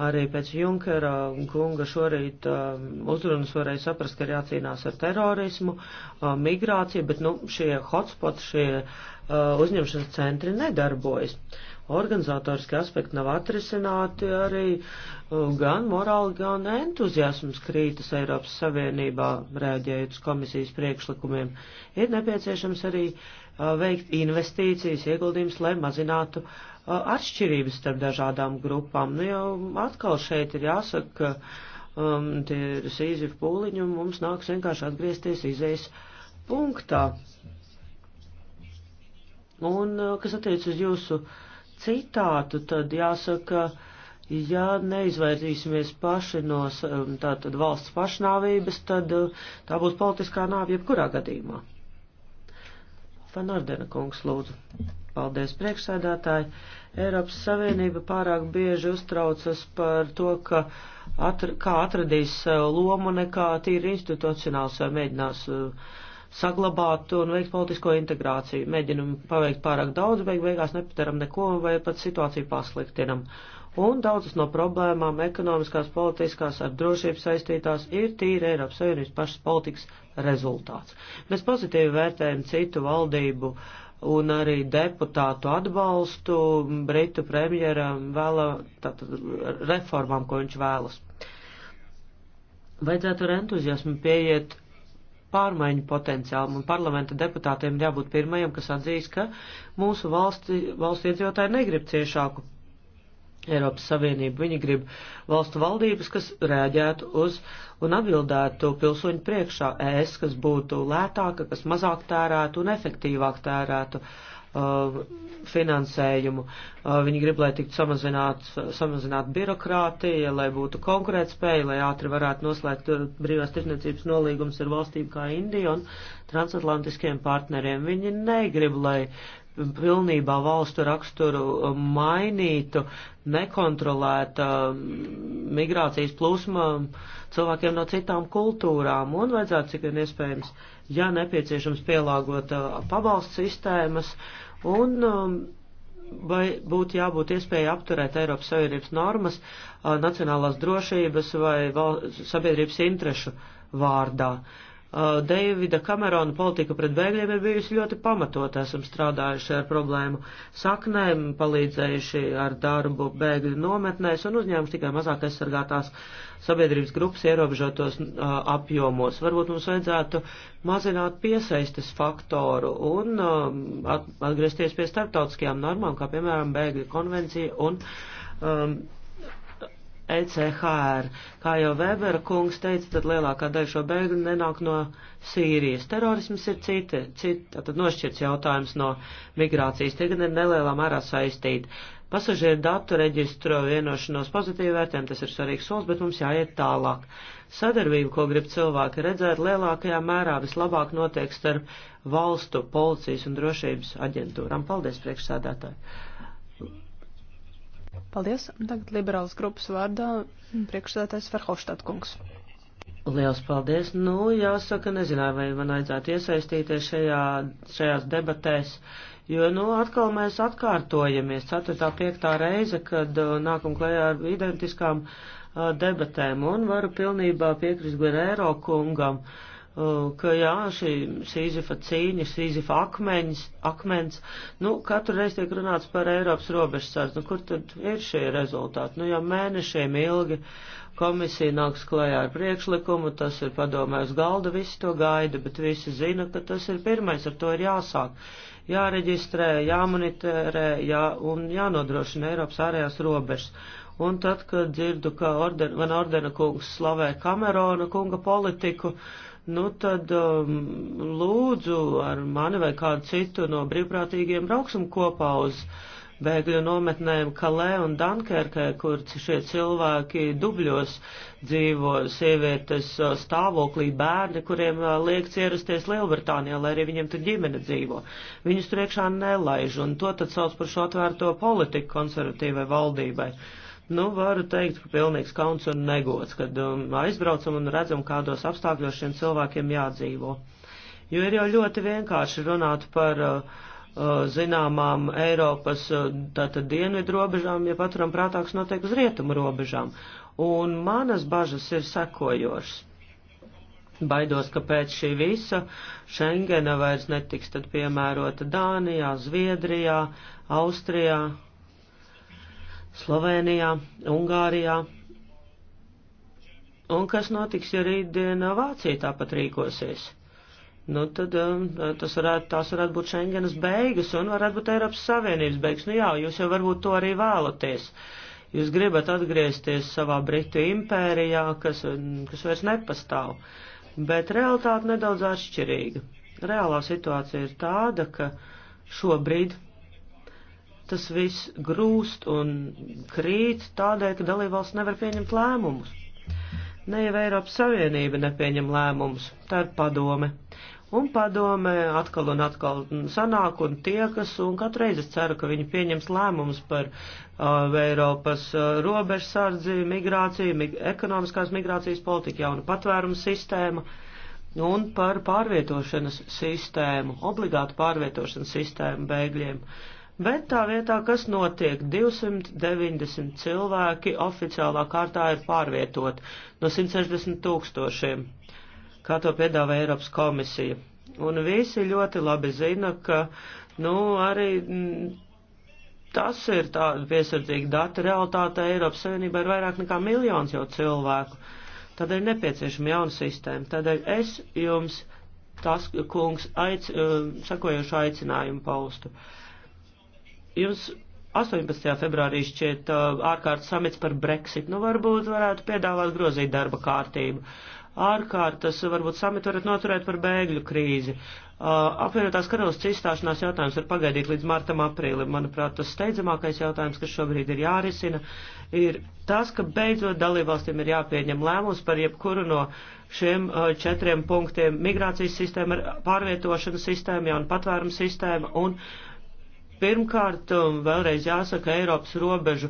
Arī pēc Junkera kunga šorīt um, uzrunas varēja saprast, ka ir jācīnās ar terorismu, um, migrāciju, bet nu, šie hotspots, šie uh, uzņemšanas centri nedarbojas. Uh, organizatoriski aspekti nav atrisināti, arī uh, gan morāli, gan entuziasms krītas Eiropas Savienībā, rēģējot uz komisijas priekšlikumiem. Ir nepieciešams arī uh, veikt investīcijas, ieguldījums, lai mazinātu uh, atšķirības starp dažādām grupām. Nu jau atkal šeit ir jāsaka, ka um, tie ir sīzivi pūliņi un mums nāks vienkārši atgriezties izējas punktā. Un, kas attiec uz jūsu uh, citātu, tad jāsaka, ja neizvairīsimies paši no um, tātad valsts pašnāvības, tad uh, tā būs politiskā nāve jebkurā gadījumā. Fanardena kungs lūdzu. Paldies priekšsēdētāji. Eiropas Savienība pārāk bieži uztraucas par to, ka atr kā atradīs lomu nekā tīri institucionāls vai mēģinās uh, saglabāt un veikt politisko integrāciju. Mēģinam paveikt pārāk daudz, beig beigās nepataram neko vai pat situāciju pasliktinam. Un daudzas no problēmām, ekonomiskās, politiskās, ar drošību saistītās, ir tīri Eiropas Savienības pašas politikas rezultāts. Mēs pozitīvi vērtējam citu valdību un arī deputātu atbalstu Britu premjeram vēla, tātad, reformām, ko viņš vēlas vajadzētu ar entuziasmu pieiet pārmaiņu potenciālam, un parlamenta deputātiem ir jābūt pirmajiem, kas atzīst, ka mūsu valsti, valsts iedzīvotāji negrib ciešāku Eiropas Savienību. Viņi grib valstu valdības, kas reaģētu uz un atbildētu pilsoņu priekšā ES, kas būtu lētāka, kas mazāk tērētu un efektīvāk tērētu. Uh, finansējumu. Uh, viņi grib, lai tiktu samazināta samazināt birokrātija, lai būtu konkurētspēja, lai ātri varētu noslēgt uh, brīvās tirdzniecības nolīgums ar valstīm kā Indija un transatlantiskiem partneriem. Viņi negrib, lai pilnībā valstu raksturu mainītu nekontrolēta um, migrācijas plūsma cilvēkiem no citām kultūrām un vajadzētu cik vien iespējams uh, ja nepieciešams pielāgot uh, pabalstu sistēmas un um, vai būtu jābūt iespēja apturēt Eiropas Savienības normas uh, nacionālās drošības vai sabiedrības interešu vārdā. Uh, Uh, Deivida Kamerona politika pret bēgļiem ir bijusi ļoti pamatot. Esam strādājuši ar problēmu saknēm, palīdzējuši ar darbu bēgļu nometnēs un uzņēmuši tikai mazāk aizsargātās sabiedrības grupas ierobežotos uh, apjomos. Varbūt mums vajadzētu mazināt piesaistes faktoru un uh, atgriezties pie starptautiskajām normām, kā piemēram bēgļu konvencija un um, ECHR. Kā jau Webera kungs teica, tad lielākā daļa šo bēgļu nenāk no Sīrijas. Terorisms ir cita, cita tad nošķirts jautājums no migrācijas. Tie gan ir nelielā mērā saistīti. Pasažieru datu reģistro vienošanos pozitīvi vērtēm, tas ir svarīgs solis, bet mums jāiet tālāk. Sadarbība, ko grib cilvēki redzēt, lielākajā mērā vislabāk notiek starp valstu, policijas un drošības aģentūrām. Paldies, priekšsādātāji!
Paldies. Tagad liberālas grupas vārdā priekšsēdētājs Verhofstadt kungs.
Liels paldies. Nu, jāsaka, nezināju, vai man aicētu iesaistīties šajā, šajās debatēs, jo, nu, atkal mēs atkārtojamies. Ceturtā, piektā reize, kad uh, nākam klējā ar identiskām uh, debatēm, un varu pilnībā piekrist Guerrero kungam. Uh, Uh, ka jā, šī sīzifa cīņa, sīzifa akmeņs, akmens, nu, katru reizi tiek runāts par Eiropas robežsardz, nu, kur tad ir šie rezultāti? Nu, jau mēnešiem ilgi komisija nāks klajā ar priekšlikumu, tas ir padomājis galda, visi to gaida, bet visi zina, ka tas ir pirmais, ar to ir jāsāk. Jāreģistrē, jāmonitorē, jā, un jānodrošina Eiropas ārējās robežas. Un tad, kad dzirdu, ka orden, man ordena kungs slavē Kamerona kunga politiku, uh, nu tad um, lūdzu ar mani vai kādu citu no brīvprātīgiem brauksim kopā uz bēgļu nometnēm Kalē un Dankerkē, kur šie cilvēki dubļos dzīvo, sievietes uh, stāvoklī, bērni, kuriem uh, liekts ierasties Lielbritānijā, lai arī viņiem tur ģimene dzīvo. Viņus tur iekšā nelaiž, un to tad sauc par šo atvērto politiku konservatīvai valdībai. Uh, Nu, varu teikt, ka pilnīgs kauns un negods, kad um, aizbraucam un redzam, kādos apstākļos šiem cilvēkiem jādzīvo. Jo ir jau ļoti vienkārši runāt par uh, uh zināmām Eiropas uh, tātad dienvidu robežām, ja paturam prātā, kas notiek uz rietumu robežām. Un manas bažas ir sekojošas. Baidos, ka pēc šī visa Schengena vairs netiks tad piemērota Dānijā, Zviedrijā, Austrijā, Slovenijā, Ungārijā. Un kas notiks, ja rītdien Vācija tāpat rīkosies? Nu, tad um, tas varētu, tās varētu būt Schengenas beigas un varētu būt Eiropas Savienības beigas. Nu jā, jūs jau varbūt to arī vēlaties. Jūs gribat atgriezties savā Britu impērijā, kas, um, kas vairs nepastāv. Bet realitāte nedaudz atšķirīga. Reālā situācija ir tāda, ka šobrīd tas viss grūst un krīt tādēļ, ka dalībvalsts nevar pieņemt lēmumus. Ne jau Eiropas Savienība nepieņem lēmumus, tā ir padome. Un padome atkal un atkal sanāk un tiekas, un katru reizi es ceru, ka viņi pieņems lēmumus par uh, Eiropas uh, robežsardzi, migrāciju, mig ekonomiskās migrācijas politiku, jaunu patvērumu sistēmu un par pārvietošanas sistēmu, obligātu pārvietošanas sistēmu bēgļiem. Uh, Bet tā vietā, kas notiek, 290 cilvēki oficiālā kārtā ir pārvietot no 160 tūkstošiem, kā to piedāvā Eiropas komisija. Un visi ļoti labi zina, ka, nu, arī m, mm, tas ir tā piesardzīgi dati realitāte Eiropas Savienībā ir vairāk nekā miljons jau cilvēku. Tādēļ nepieciešama jauna sistēma. Tādēļ es jums, tas kungs, aic, eh, sakojušu aicinājumu paustu. Uh, Jums 18. februārī šķiet uh, ārkārtas samits par Brexit. Nu, varbūt varētu piedāvāt grozīt darba kārtību. Ārkārtas, varbūt samit varat noturēt par bēgļu krīzi. Uh, apvienotās karalists izstāšanās jautājums var pagaidīt līdz martam aprīlim. Manuprāt, tas steidzamākais jautājums, kas šobrīd ir jārisina, ir tas, ka beidzot dalībvalstīm ir jāpieņem lēmums par jebkuru no šiem uh, četriem punktiem - migrācijas sistēma, pārvietošanas sistēma, jauna patvērums sistēma un uh, Pirmkārt, um, vēlreiz jāsaka Eiropas robežu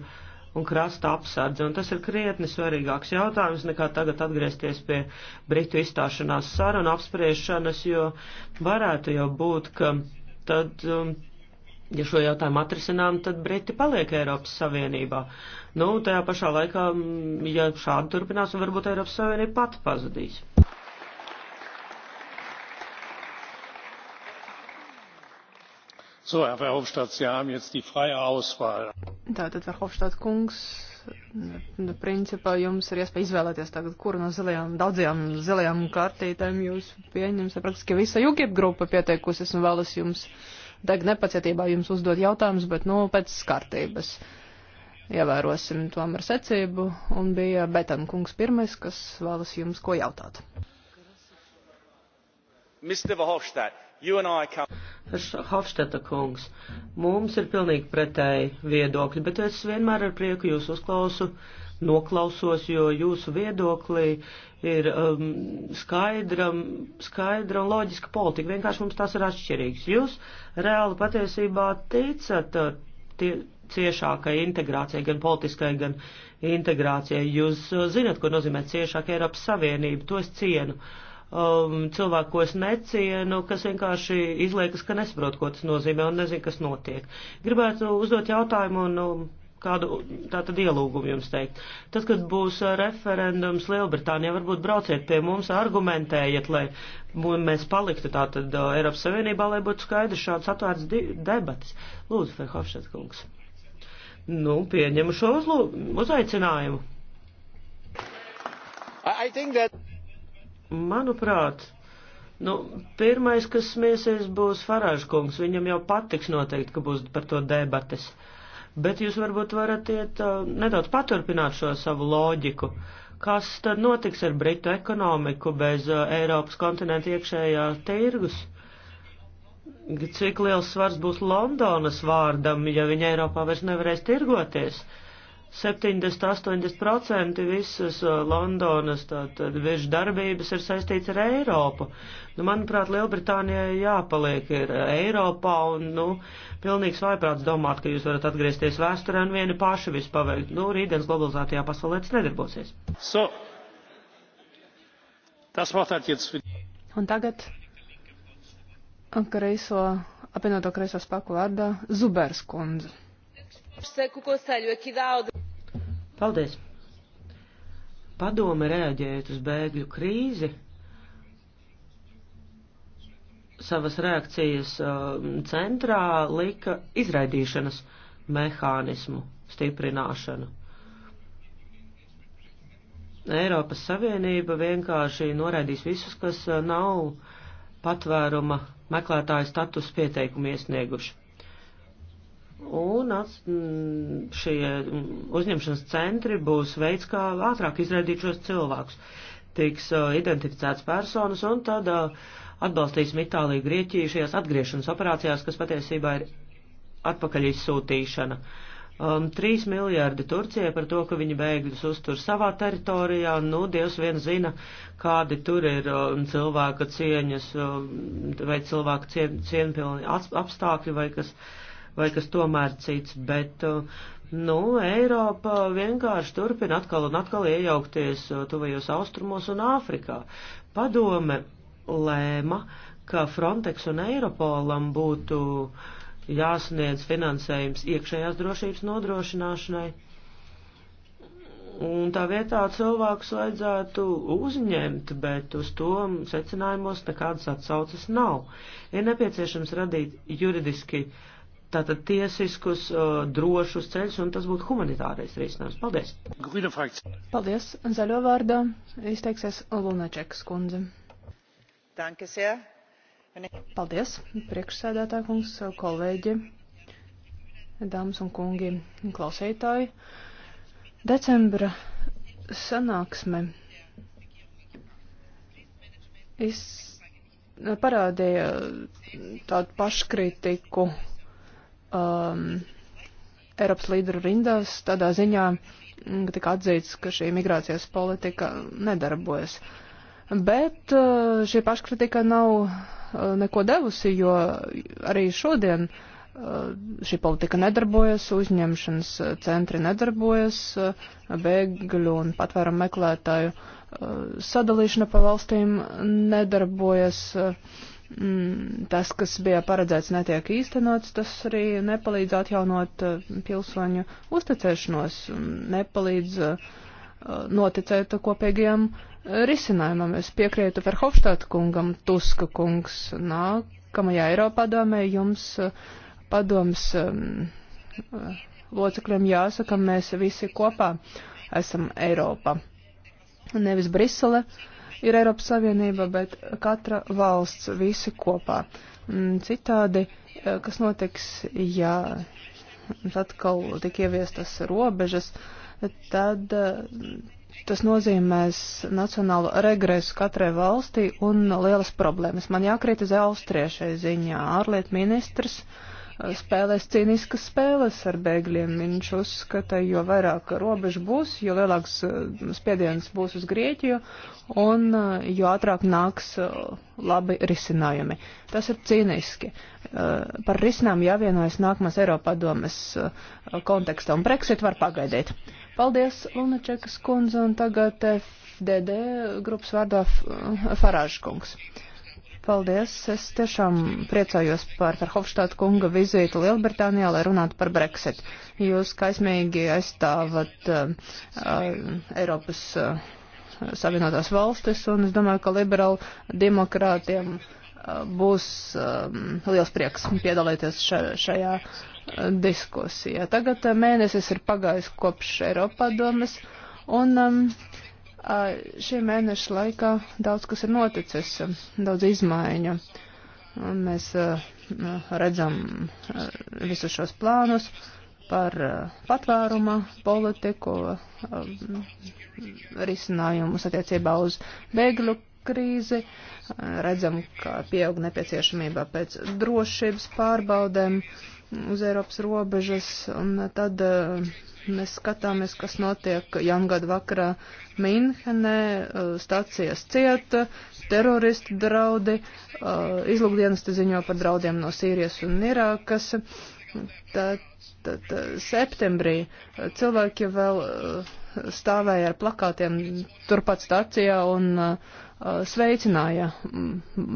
un krasta apsardze, un tas ir krietni svarīgāks jautājums nekā tagad atgriezties pie Britu izstāšanās sarunu apspriešanas, jo varētu jau būt, ka tad, um, ja šo jautājumu atrisinām, tad Briti paliek Eiropas Savienībā. Nu, tajā pašā laikā, mm, ja šādi turpināsim, varbūt Eiropas Savienība pat pazudīs.
So, Herr Verhofstadt, Sie haben jetzt die freie Auswahl.
Tātad,
Verhofstadt kungs, nu, principā jums ir iespēja izvēlēties tagad, kuru no zilajām, daudzajām zilajām kartītēm jūs pieņemsiet. Praktiski visa UGIP grupa pieteikusies un vēlas jums, deg nepacietībā jums uzdot jautājumus, bet, nu, pēc kārtības ievērosim tomēr secību. Un bija Betan kungs pirmais, kas vēlas jums
ko jautāt.
Mr. Verhofstadt,
Hofstata kungs, mums ir pilnīgi pretēji viedokļi, bet es vienmēr ar prieku jūs uzklausu, noklausos, jo jūsu viedoklī ir um, skaidra, skaidra un loģiska politika. Vienkārši mums tas ir atšķirīgs. Jūs reāli patiesībā ticat uh, tie, ciešākai integrācijai, gan politiskai, gan integrācijai. Jūs uh, zinat, ko nozīmē ciešāka Eiropas Savienība. To es cienu. Uh, um, cilvēku, ko es necienu, kas vienkārši izliekas, ka nesaprot, ko tas nozīmē un nezinu, kas notiek. Gribētu uzdot jautājumu un um, kādu tātad ielūgumu jums teikt. Tad, kad būs uh, referendums Lielbritānijā, varbūt brauciet pie mums, argumentējiet, lai mēs paliktu tātad uh, Eiropas Savienībā, lai būtu skaidrs šāds atvērts debatas. Lūdzu, Ferhofšet kungs. Nu, pieņemu šo uzlū, uzaicinājumu. I, I Manuprāt, nu, pirmais, kas smieties, būs Farāžkungs. Viņam jau patiks noteikti, ka būs par to debates. Bet jūs varbūt varat iet uh, nedaudz paturpināt šo savu loģiku. Kas tad notiks ar Britu ekonomiku bez uh, Eiropas kontinenta iekšējā tirgus? Cik liels svars būs Londonas vārdam, ja viņa Eiropā vairs nevarēs tirgoties? Uh, 70-80% visas uh, Londonas tātad vežu darbības ir saistīts ar Eiropu. Nu, manuprāt, Lielbritānijai jāpaliek ir uh, Eiropā un, nu, pilnīgs vaiprāts domāt, ka jūs varat atgriezties vēsturē un vieni paši visu paveikt. Nu, rītdienas globalizētajā pasaulē tas nedarbosies. So, tas vārtāt jetzt.
Un tagad kreiso, apvienoto kreiso spēku vārdā Zubers kundze.
Paldies! Padome reaģējot uz bēgļu krīzi, savas reakcijas um, centrā lika izraidīšanas mehānismu stiprināšanu. Eiropas Savienība vienkārši noraidīs visus, kas uh, nav patvēruma meklētāju status pieteikumu iesnieguši. Un ats, mm, šie mm, uzņemšanas centri būs veids, kā ātrāk izraidīt šos cilvēkus. Tiks uh, identificēts personas un tad uh, atbalstīsim Itāliju, Grieķiju šajās atgriešanas operācijās, kas patiesībā ir atpakaļ izsūtīšana. Um, 3 miljārdi Turcijai par to, ka viņi bēgļus uztur savā teritorijā, nu, Dievs vien zina, kādi tur ir um, cilvēka cieņas um, vai cilvēka cien, cienpilni apstākļi vai kas. Uh, vai kas tomēr cits, bet, uh, nu, Eiropa vienkārši turpina atkal un atkal iejaukties uh, tuvajos austrumos un Āfrikā. Padome lēma, ka Frontex un Eiropolam būtu jāsniedz finansējums iekšējās drošības nodrošināšanai. Un tā vietā cilvēkus vajadzētu uzņemt, bet uz to secinājumos nekādas atsaucas nav. Ir nepieciešams radīt juridiski tātad tiesiskus, uh, drošus ceļus, un tas būtu humanitārais risinājums. Paldies!
Paldies! Zaļo vārdā izteiksies Lunačekas kundze. Paldies, priekšsēdētā kungs, kolēģi, dāmas un kungi, klausītāji. Decembra sanāksme es parādīja tādu paškritiku um, Eiropas līderu rindās tādā ziņā, mm, ka tika atzīts, ka šī migrācijas politika nedarbojas. Bet uh, šī paškritika nav uh, neko devusi, jo arī šodien uh, šī politika nedarbojas, uzņemšanas centri nedarbojas, uh, bēgļu un patvērumu meklētāju uh, sadalīšana pa valstīm nedarbojas uh, Mm, tas, kas bija paredzēts, netiek īstenots, tas arī nepalīdz atjaunot eh, pilsoņu uzticēšanos, nepalīdz eh, noticēt kopīgiem eh, risinājumam. Es piekrītu Verhofstāta kungam, Tuska kungs, nākamajā Eiropā domē jums padoms locekļiem jāsaka, mēs visi kopā esam Eiropa. Nevis Brisele, uh, ir Eiropas Savienība, bet katra valsts visi kopā. Mm, citādi, eh, kas notiks, ja atkal tik ieviestas robežas, tad eh, tas nozīmēs nacionālu regresu katrai valstī un lielas problēmas. Man jākritizē austriešai ziņā ārlietu ministrs. Uh, spēlēs cīniskas spēles ar bēgļiem. Viņš uzskata, jo vairāk robežu būs, jo lielāks eh, spiediens būs uz Grieķiju un eh, jo ātrāk nāks eh, labi risinājumi. Tas ir cīniski. Par risinājumu jāvienojas nākamās Eiropā domes kontekstā un Brexit var pagaidīt. Paldies, Lunačekas kundze, un tagad FDD grupas vārdā Farāžkungs. kungs. Paldies! Es tiešām priecājos par Verhofstāta kunga vizīti Lielbritānijā, lai runātu par Brexit. Jūs kaismīgi aizstāvat uh, uh, Eiropas uh, Savienotās valstis, un es domāju, ka liberāli demokrātiem uh, būs um, liels prieks piedalīties ša šajā uh, diskusijā. Tagad uh, mēnesis ir pagājis kopš Eiropadomes, un um, Šī mēneša laikā daudz kas ir noticis, daudz izmaiņu. Mēs redzam visus šos plānus par patvēruma politiku, risinājumus attiecībā uz bēgļu krīzi, redzam, ka pieaug nepieciešamība pēc drošības pārbaudēm. Uh, uz Eiropas robežas, un tad eh, mēs skatāmies, kas notiek jaungada vakarā Minhenē, eh, stācijas cieta, teroristu draudi, eh, izlūkdienas te ziņo par draudiem no Sīrijas un Irākas. Tad, tad septembrī cilvēki vēl stāvēja ar plakātiem turpat stācijā un uh, Uh, sveicināja mm,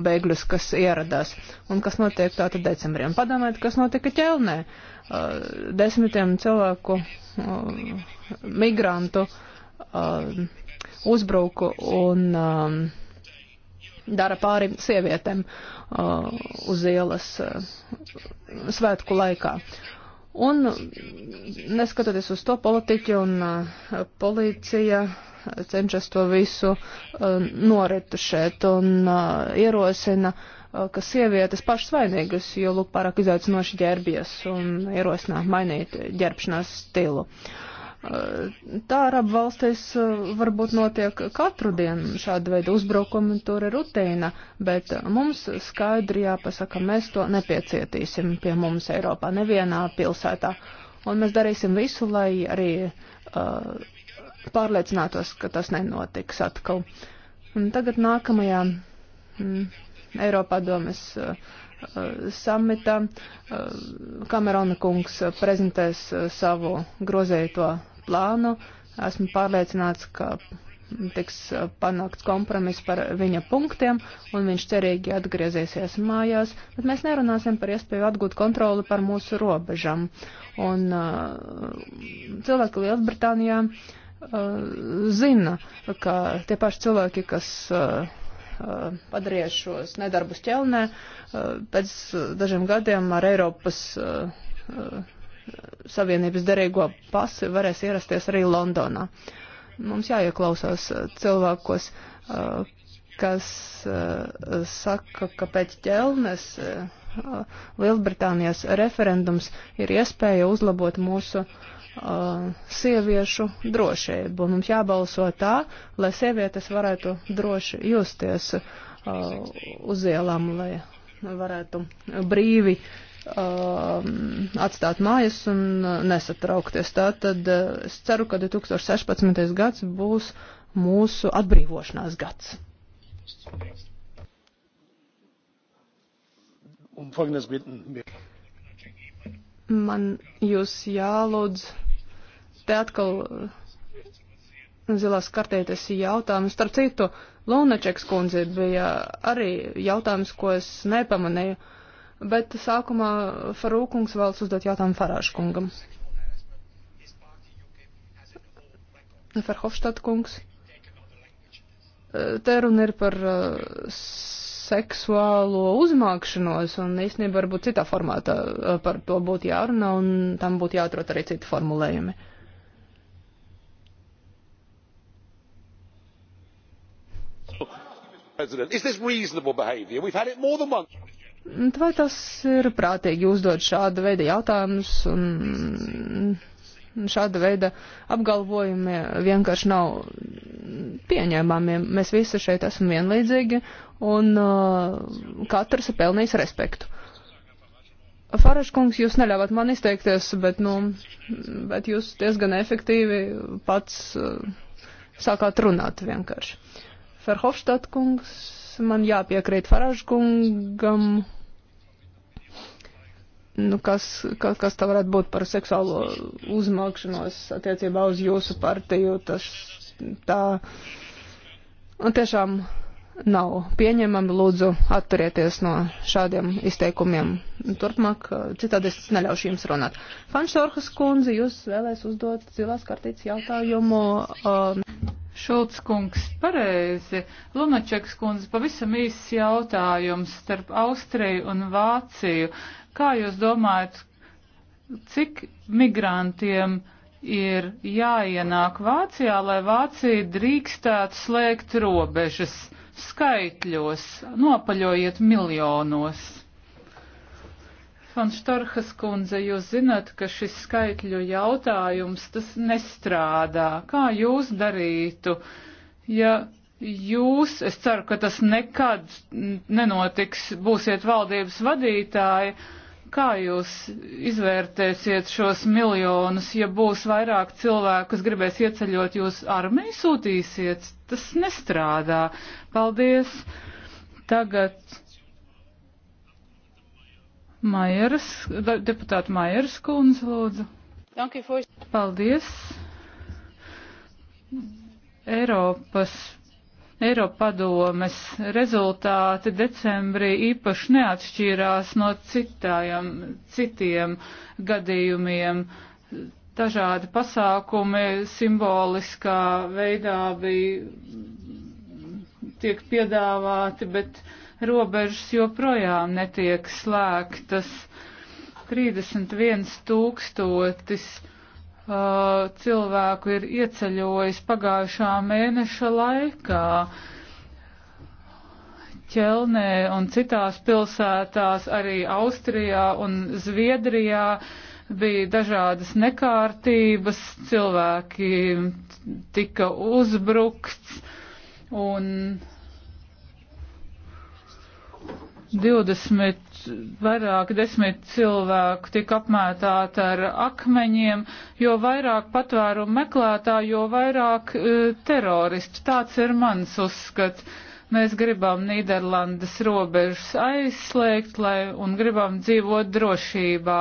bēgļus, kas ieradās un kas notiek tātad decembrī. Un padomājiet, kas notika ķelnē. Uh, desmitiem cilvēku uh, migrantu uzbruku un um, dara pāri sievietēm uz ielas svētku laikā. Un neskatoties uz to politiķi un policija cenšas to visu uh, noretušēt un uh, ierosina, uh, ka sievietes pašas vainīgas, jo lūk pārāk izaicinoši ģērbjas un ierosina mainīt ģērbšanās stilu. Tā Arabu valstīs varbūt notiek katru dienu šāda veida uzbrukumi, tur ir rutīna, bet mums skaidri jāpasaka, mēs to nepiecietīsim pie mums Eiropā nevienā pilsētā. Un mēs darīsim visu, lai arī uh, pārliecinātos, ka tas nenotiks atkal. Un tagad nākamajā mm, Eiropā domas uh, uh samitā uh, Kamerona kungs prezentēs uh, savu grozēto plānu. Esmu pārliecināts, ka tiks uh, panākts kompromiss par viņa punktiem, un viņš cerīgi atgriezīsies mājās, bet mēs nerunāsim par iespēju atgūt kontroli par mūsu robežam. Un uh, cilvēki Lielbritānijā uh, Eh, zina, ka tie paši cilvēki, kas eh, eh, padarīja šos nedarbus ķelnē, pēc dažiem gadiem ar Eiropas Savienības derīgo pasi varēs ierasties arī Londonā. Mums jāieklausās cilvēkos, kas saka, ka pēc ķelnes Lielbritānijas referendums ir iespēja uzlabot mūsu uh, Uh, sieviešu drošību. Mums jābalso tā, lai sievietes varētu droši justies uh, uz ielām, lai varētu brīvi uh, atstāt mājas un nesatraukties. Tā tad es ceru, ka 2016. gads būs mūsu atbrīvošanās gads.
Um
Man jūs jālūdz Te atkal uh, zilās kartētes jautājums. Starp citu, Lunačeks kundze bija arī jautājums, ko es nepamanīju. Bet sākumā Farūkungs vēlas uzdot jautājumu Farāšu kungam. Ferhofstadt kungs. Te runa ir par uh, seksuālo uzmākšanos, un īstenībā varbūt citā formātā uh, par to būtu jārunā, un tam būtu jāatrot arī citi formulējumi. Uh,
Vai
tas ir prātīgi uzdot šāda veida jautājumus un šāda veida apgalvojumi vienkārši nav pieņēmami. Mēs visi šeit esam vienlīdzīgi un uh, katrs ir pelnījis respektu. Faraškungs, jūs neļāvāt man izteikties, bet, nu, bet jūs diezgan efektīvi pats uh, sākāt runāt vienkārši. Ferhofstadt kungs, man jāpiekrīt Faražkungam. Nu, kas, kas, kas tā varētu būt par seksuālo uzmākšanos attiecībā uz jūsu partiju? Tas tā. Un tiešām nav pieņemami. Lūdzu, atturieties no šādiem izteikumiem. Turpmāk, citādi es neļaušu jums runāt. Fanšorhas kundze, jūs vēlēs uzdot zilās kartītes jautājumu. Um... Šulc kungs,
pareizi. Lunačeks kundze, pavisam īsts jautājums starp Austriju un Vāciju. Kā jūs domājat, cik migrantiem ir jāienāk Vācijā, lai Vācija drīkstētu slēgt robežas? Uh, skaitļos, nopaļojiet miljonos. Fanštarhas kundze, jūs zinat, ka šis skaitļu jautājums tas nestrādā. Kā jūs darītu, ja jūs, es ceru, ka tas nekad nenotiks, būsiet valdības vadītāji, Kā jūs izvērtēsiet šos miljonus, ja būs vairāk cilvēku, kas gribēs ieceļot, jūs armiju sūtīsiet? Tas nestrādā. Paldies. Tagad Majeras, deputāta Majeras kundze, lūdzu. Paldies. Eiropas Eiropadomes rezultāti decembrī īpaši neatšķīrās no citājam, citiem gadījumiem. Dažādi pasākumi simboliskā veidā bija tiek piedāvāti, bet robežas joprojām netiek slēgtas. 31 tūkstotis uh, cilvēku ir ieceļojis pagājušā mēneša laikā. Ķelnē un citās pilsētās, arī Austrijā un Zviedrijā bija dažādas nekārtības, cilvēki tika uzbrukts un 20 vairāk desmit cilvēku tika apmētāti ar akmeņiem, jo vairāk patvērumu meklētā, jo vairāk uh, e, teroristu. Tāds ir mans uzskats. Mēs gribam Nīderlandes robežas aizslēgt lai, un gribam dzīvot drošībā.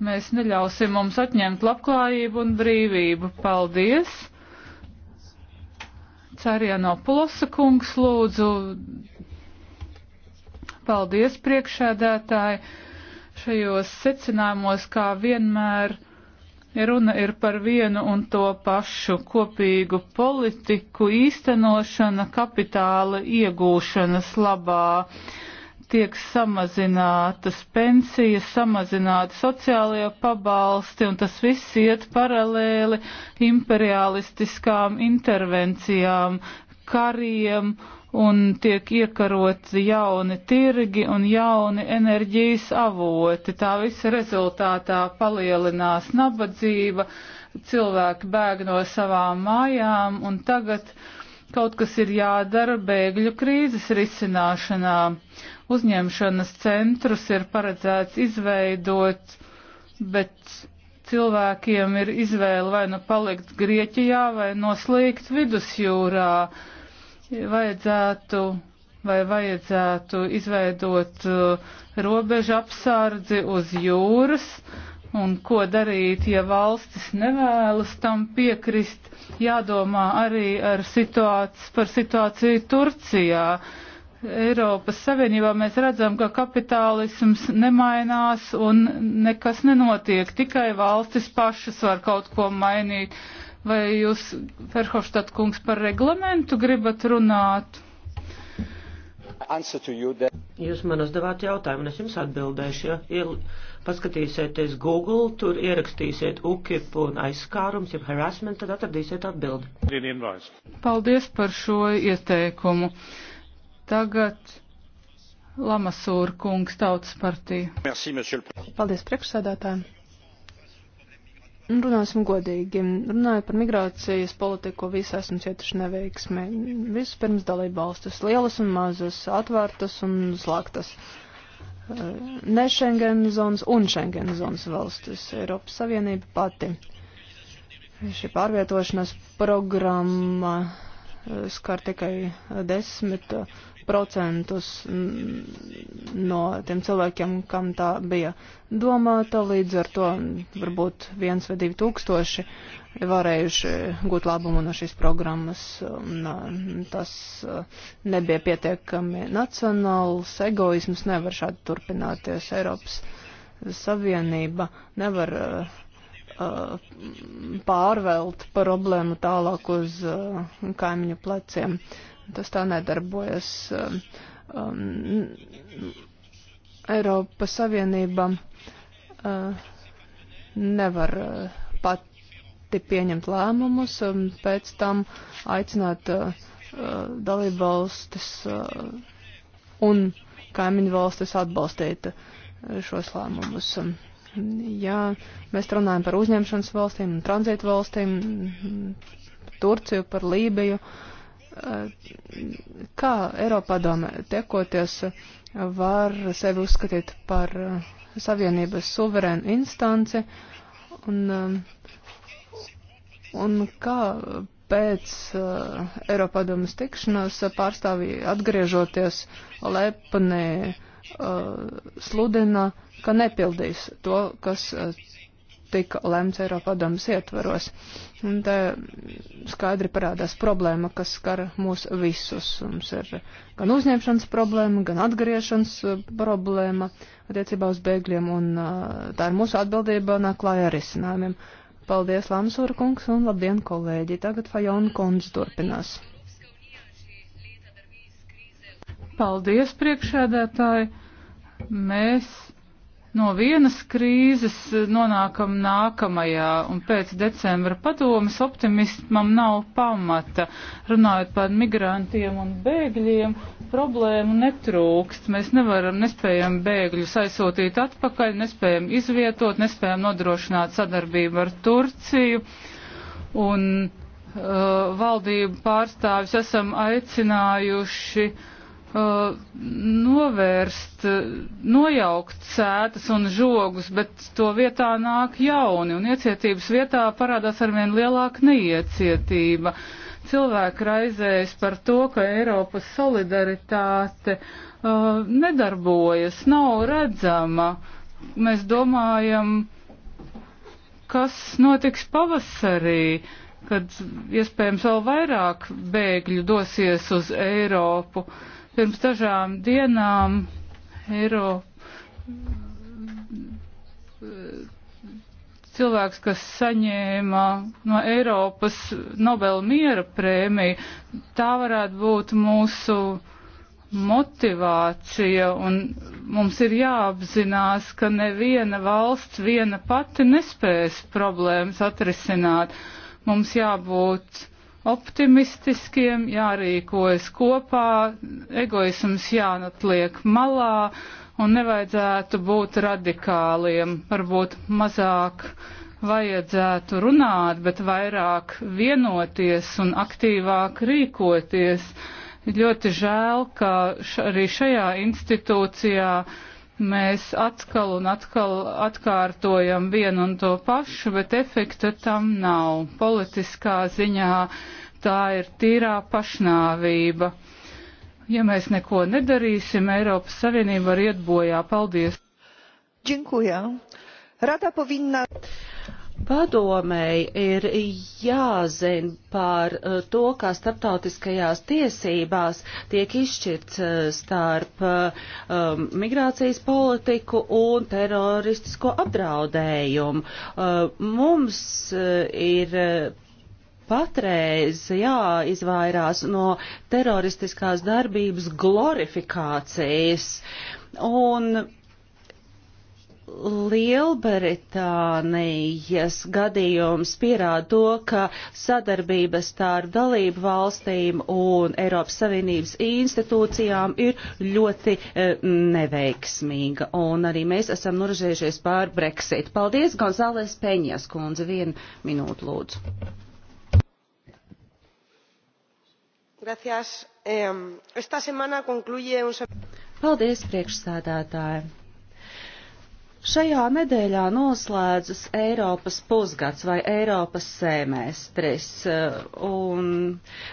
Mēs neļausim mums atņemt labklājību un brīvību. Paldies! Carianopulosa kungs lūdzu paldies priekšēdētāji. Šajos secinājumos, kā vienmēr, runa ir par vienu un to pašu kopīgu politiku īstenošana kapitāla iegūšanas labā. Tiek samazinātas pensijas, samazināti sociālie pabalsti, un tas viss iet paralēli imperialistiskām intervencijām, kariem un tiek iekaroti jauni tirgi un jauni enerģijas avoti. Tā visa rezultātā palielinās nabadzība, cilvēki bēg no savām mājām un tagad kaut kas ir jādara bēgļu krīzes risināšanā. Uzņemšanas centrus ir paredzēts izveidot, bet cilvēkiem ir izvēle vai nu palikt Grieķijā vai noslīgt vidusjūrā vajadzētu vai vajadzētu izveidot uh, robežu apsardzi uz jūras un ko darīt, ja valstis nevēlas tam piekrist, jādomā arī ar situāci, par situāciju Turcijā. Eiropas Savienībā mēs redzam, ka kapitālisms nemainās un nekas nenotiek, tikai valstis pašas var kaut ko mainīt. Uh, Vai jūs, Ferhofstadt kungs, par reglamentu gribat runāt?
Jūs man uzdevāt jautājumu, un es jums atbildēšu. Ja Iel, paskatīsieties Google, tur ierakstīsiet UKIP un aizskārums, ja harassment, tad atradīsiet atbildi.
Paldies par šo ieteikumu. Tagad Lamasūra kungs tautas partija. Paldies priekšsēdētājiem. Runāsim godīgi.
Runāju par migrācijas politiku, ko visi esam cietuši neveiksmi. Vispirms dalība valstis - lielas un mazas, atvērtas un slēgtas. Eh, ne Schengen zonas un Schengen zonas valstis - Eiropas Savienība pati. Šī pārvietošanās programma eh, skar tikai desmit. Uh, 5% mm, no tiem cilvēkiem, kam tā bija domāta, līdz ar to varbūt 1 vai 2 tūkstoši varējuši gūt labumu no šīs programmas. Un, mm, tas mm, nebija pietiekami nacionāls, egoisms nevar šādi turpināties. Eiropas Savienība nevar pārvelt problēmu tālāk uz kaimiņu pleciem. Tas tā nedarbojas. Um, um Eiropas Savienība uh, nevar uh, pati pieņemt lēmumus, um, pēc tam aicināt uh, uh dalībvalstis uh, un kaimiņu valstis atbalstīt uh, šos lēmumus. Um, ja mēs runājam par uzņemšanas valstīm un tranzītu valstīm, Turciju, par Lībiju, uh, Kā Eiropadome tiekoties var sevi uzskatīt par eh, savienības suverēnu instanci un, eh, un kā pēc uh, Eiropadomas tikšanās pārstāvji atgriežoties lepni uh, sludina, ka nepildīs to, kas uh, tika lemts Eiropadomas ietvaros. Un te skaidri parādās problēma, kas skar mūs visus. Mums ir gan uzņemšanas problēma, gan atgriešanas uh, problēma attiecībā uz bēgļiem, un uh, tā ir mūsu atbildība nāk klājā ar risinājumiem. Paldies, Lamsūra kungs, un labdien, kolēģi. Tagad Fajona kundze turpinās.
Paldies, priekšēdētāji! Mēs no vienas krīzes eh, nonākam nākamajā, un pēc decembra padomas optimismam nav pamata. Runājot par migrantiem un bēgļiem, problēmu netrūkst. Mēs nevaram, nespējam bēgļus aizsūtīt atpakaļ, nespējam izvietot, nespējam nodrošināt sadarbību ar Turciju. Un uh, valdību pārstāvis esam aicinājuši uh, Uh, novērst, uh, nojaukt sētas un žogus, bet to vietā nāk jauni, un iecietības vietā parādās arvien lielāka neiecietība. Cilvēki raizējas par to, ka Eiropas solidaritāte uh, nedarbojas, nav redzama. Mēs domājam, kas notiks pavasarī, kad iespējams vēl vairāk bēgļu dosies uz Eiropu. Uh, Pirms dažām dienām Eiro cilvēks, kas saņēma no Eiropas Nobela miera prēmiju, tā varētu būt mūsu motivācija un mums ir jāapzinās, ka neviena valsts viena pati nespēs problēmas atrisināt. Mums jābūt optimistiskiem, jārīkojas kopā, egoisms jānatliek malā un nevajadzētu būt radikāliem, varbūt mazāk vajadzētu runāt, bet vairāk vienoties un aktīvāk rīkoties. Ļoti žēl, ka š, arī šajā institūcijā uh, Mēs atkal un atkal atkārtojam vienu un to pašu, bet efekta tam nav. Politiskā ziņā tā ir tīrā pašnāvība. Ja mēs neko nedarīsim, Eiropas Savienība var iet bojā. Paldies! Dziękuję.
Rada powinna. Padomēji ir jāzina par uh, to, kā starptautiskajās tiesībās tiek izšķirts uh, starp uh, um, migrācijas politiku un teroristisko apdraudējumu. Uh, mums ir patreiz jāizvairās no teroristiskās darbības glorifikācijas. Un Lielbritānijas gadījums pierāda to, ka sadarbības starp dalību valstīm un Eiropas Savienības institūcijām ir ļoti e, neveiksmīga. Un arī mēs esam noražējušies pār Brexit. Paldies, Gonzālēs Peņas kundze. Vienu minūtu lūdzu.
Gracias. Eh, esta semana concluye un.
Paldies, priekšsādātāji. Šajā nedēļā noslēdzas Eiropas pusgads vai Eiropas semestris, eh, un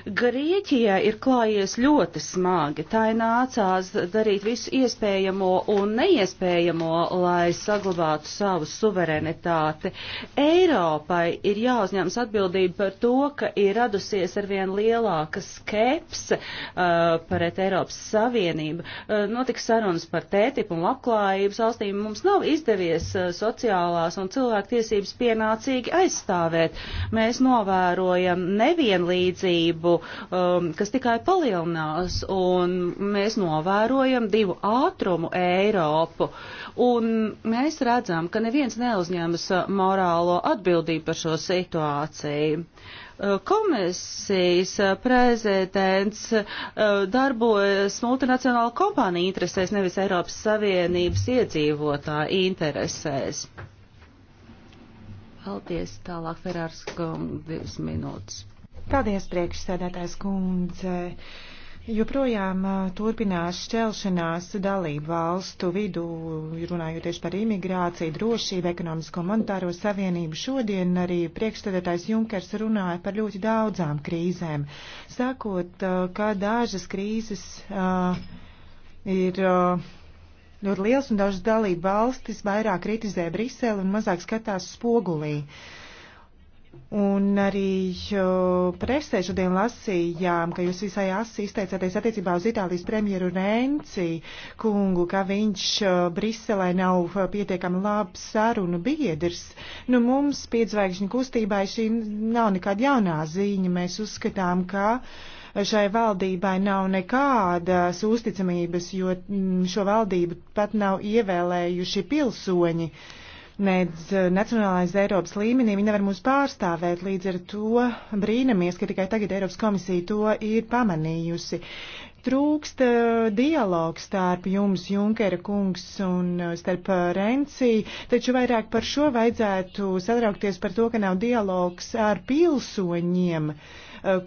Grieķijai ir klājies ļoti smagi. Tā nācās darīt visu iespējamo un neiespējamo, lai saglabātu savu suverenitāti. Eiropai ir jāuzņems atbildība par to, ka ir radusies arvien lielāka skepse uh, pret Eiropas Savienību. Uh, notiks sarunas par tētipu un labklājības valstīm. Mums nav izdevies izdevies eh, sociālās un cilvēktiesības pienācīgi aizstāvēt. Mēs novērojam nevienlīdzību, um, kas tikai palielinās, un mēs novērojam divu ātrumu Eiropu. Un mēs redzam, ka neviens neuzņemas eh, morālo atbildību par šo situāciju. Eh, komisijas eh, prezidents eh, darbojas multinacionāla kompānija interesēs, nevis Eiropas Savienības iedzīvotāja interesēs. Paldies, tālāk Ferārs kungs, divas minūtes.
Paldies, priekšsēdētājs kundze. Uh, Joprojām turpinās šķelšanās dalību valstu vidū, runājot tieši par imigrāciju, drošību, ekonomisko monetāro savienību. Šodien arī priekšstādātājs Junkers runāja par ļoti daudzām krīzēm, sakot, ka dažas krīzes uh, ir. Uh, Ļoti liels un dažas dalība valstis vairāk kritizē Briseli un mazāk skatās spogulī. Uh, Un arī presē šodien lasījām, ka jūs visai asi izteicāties attiecībā uz Itālijas premjeru Renci kungu, ka viņš eh, Briselē nav eh, pietiekami labs sarunu biedrs. Nu, mums piedzvēkšņu kustībai šī nav nekāda jaunā ziņa. Mēs uzskatām, ka šai valdībai nav nekādas uzticamības, jo mm, šo valdību pat nav ievēlējuši pilsoņi. Uh, nedz eh, nacionālais Eiropas līmenī, viņi nevar mūs pārstāvēt. Līdz ar to brīnamies, ka tikai tagad Eiropas komisija to ir pamanījusi. Trūkst eh, dialogs starp jums, Junkera kungs, un eh, starp Renci, taču vairāk par šo vajadzētu sadraukties par to, ka nav dialogs ar pilsoņiem,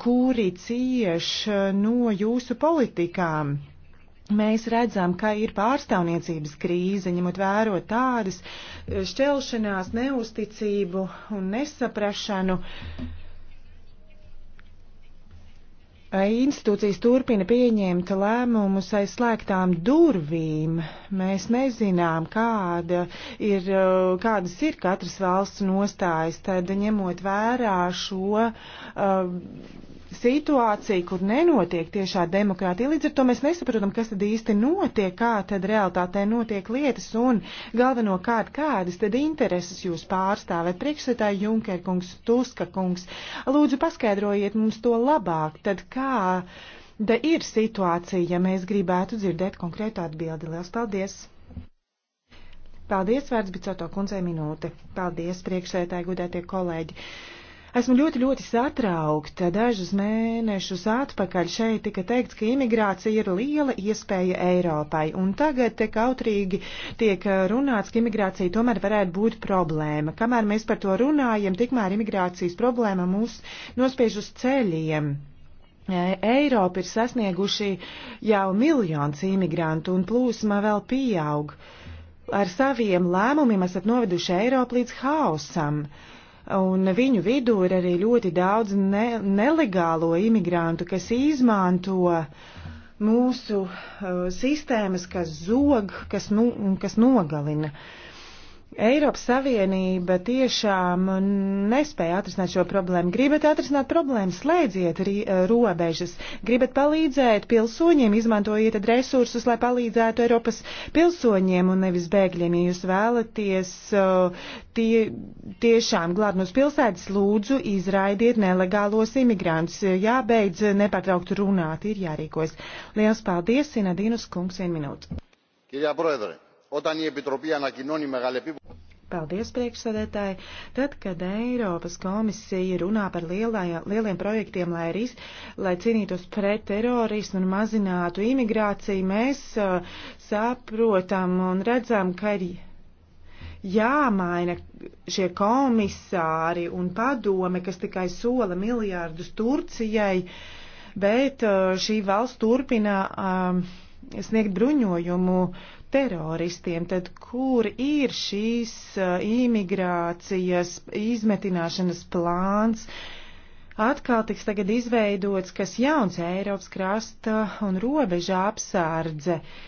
kuri cieš no jūsu politikām Mēs redzam, ka ir pārstāvniecības krīze, ņemot vēro tādas eh, šķelšanās, neusticību un nesaprašanu. Institūcijas turpina pieņemt lēmumus aiz slēgtām durvīm. Mēs nezinām, kāda ir, eh, kādas ir katras valsts nostājas, tad ņemot vērā šo. Uh, situācija, kur nenotiek tiešā demokrātija. Līdz ar to mēs nesaprotam, kas tad īsti notiek, kā tad realitātē notiek lietas un galvenokārt kādas tad intereses jūs pārstāvēt. Priekšsētāji Junker kungs, Tuska kungs, lūdzu paskaidrojiet mums to labāk, tad kā da ir situācija, ja mēs gribētu dzirdēt konkrētu atbildi. Liels paldies! Paldies, vērts Bicoto kundzei minūte. Paldies, priekšsētāji, gudētie kolēģi. Esmu ļoti, ļoti satraukta. Dažus mēnešus atpakaļ šeit tika teikts, ka imigrācija ir liela iespēja Eiropai, un tagad te kautrīgi tiek uh, runāts, ka imigrācija tomēr varētu būt problēma. Kamēr mēs par to runājam, tikmēr imigrācijas problēma mūs nospiež uz ceļiem. E, Eiropa ir sasnieguši jau miljons imigrantu, un plūsma vēl pieaug. Ar saviem lēmumiem esat noveduši Eiropu līdz haosam. Uh, Un viņu vidū ir arī ļoti daudz ne, nelegālo imigrantu, kas izmanto mūsu uh, sistēmas, kas zog, kas, nu, kas nogalina. Uh, Eiropas Savienība tiešām nespēja atrisināt šo problēmu. Gribat atrisināt problēmu, slēdziet ri, eh, robežas, gribat palīdzēt pilsoņiem, izmantojiet resursus, lai palīdzētu Eiropas pilsoņiem un nevis bēgļiem. Ja jūs vēlaties eh, tie, tiešām glābt mūsu pilsētas, lūdzu izraidiet nelegālos imigrantus. Jābeidz nepārtraukt runāt, ir jārīkojas. Liels paldies, Sinadīnus kungs, vien minūte.
Kirjā, proedere όταν η Επιτροπή ανακοινώνει
μεγαλεπίπεδο.
Paldies, priekšsēdētāji. Tad, kad Eiropas komisija runā par lielā, lieliem projektiem, lai, riz, lai cīnītos pret terorismu un mazinātu imigrāciju, mēs uh, saprotam un redzam, ka ir jāmaina šie komisāri un padome, kas tikai sola miljārdus Turcijai, bet uh, šī valsts turpina uh, sniegt bruņojumu teroristiem, tad kur ir šīs uh, imigrācijas izmetināšanas plāns? Atkal tiks tagad izveidots, kas jauns Eiropas krasta un robeža apsārdze. Uh,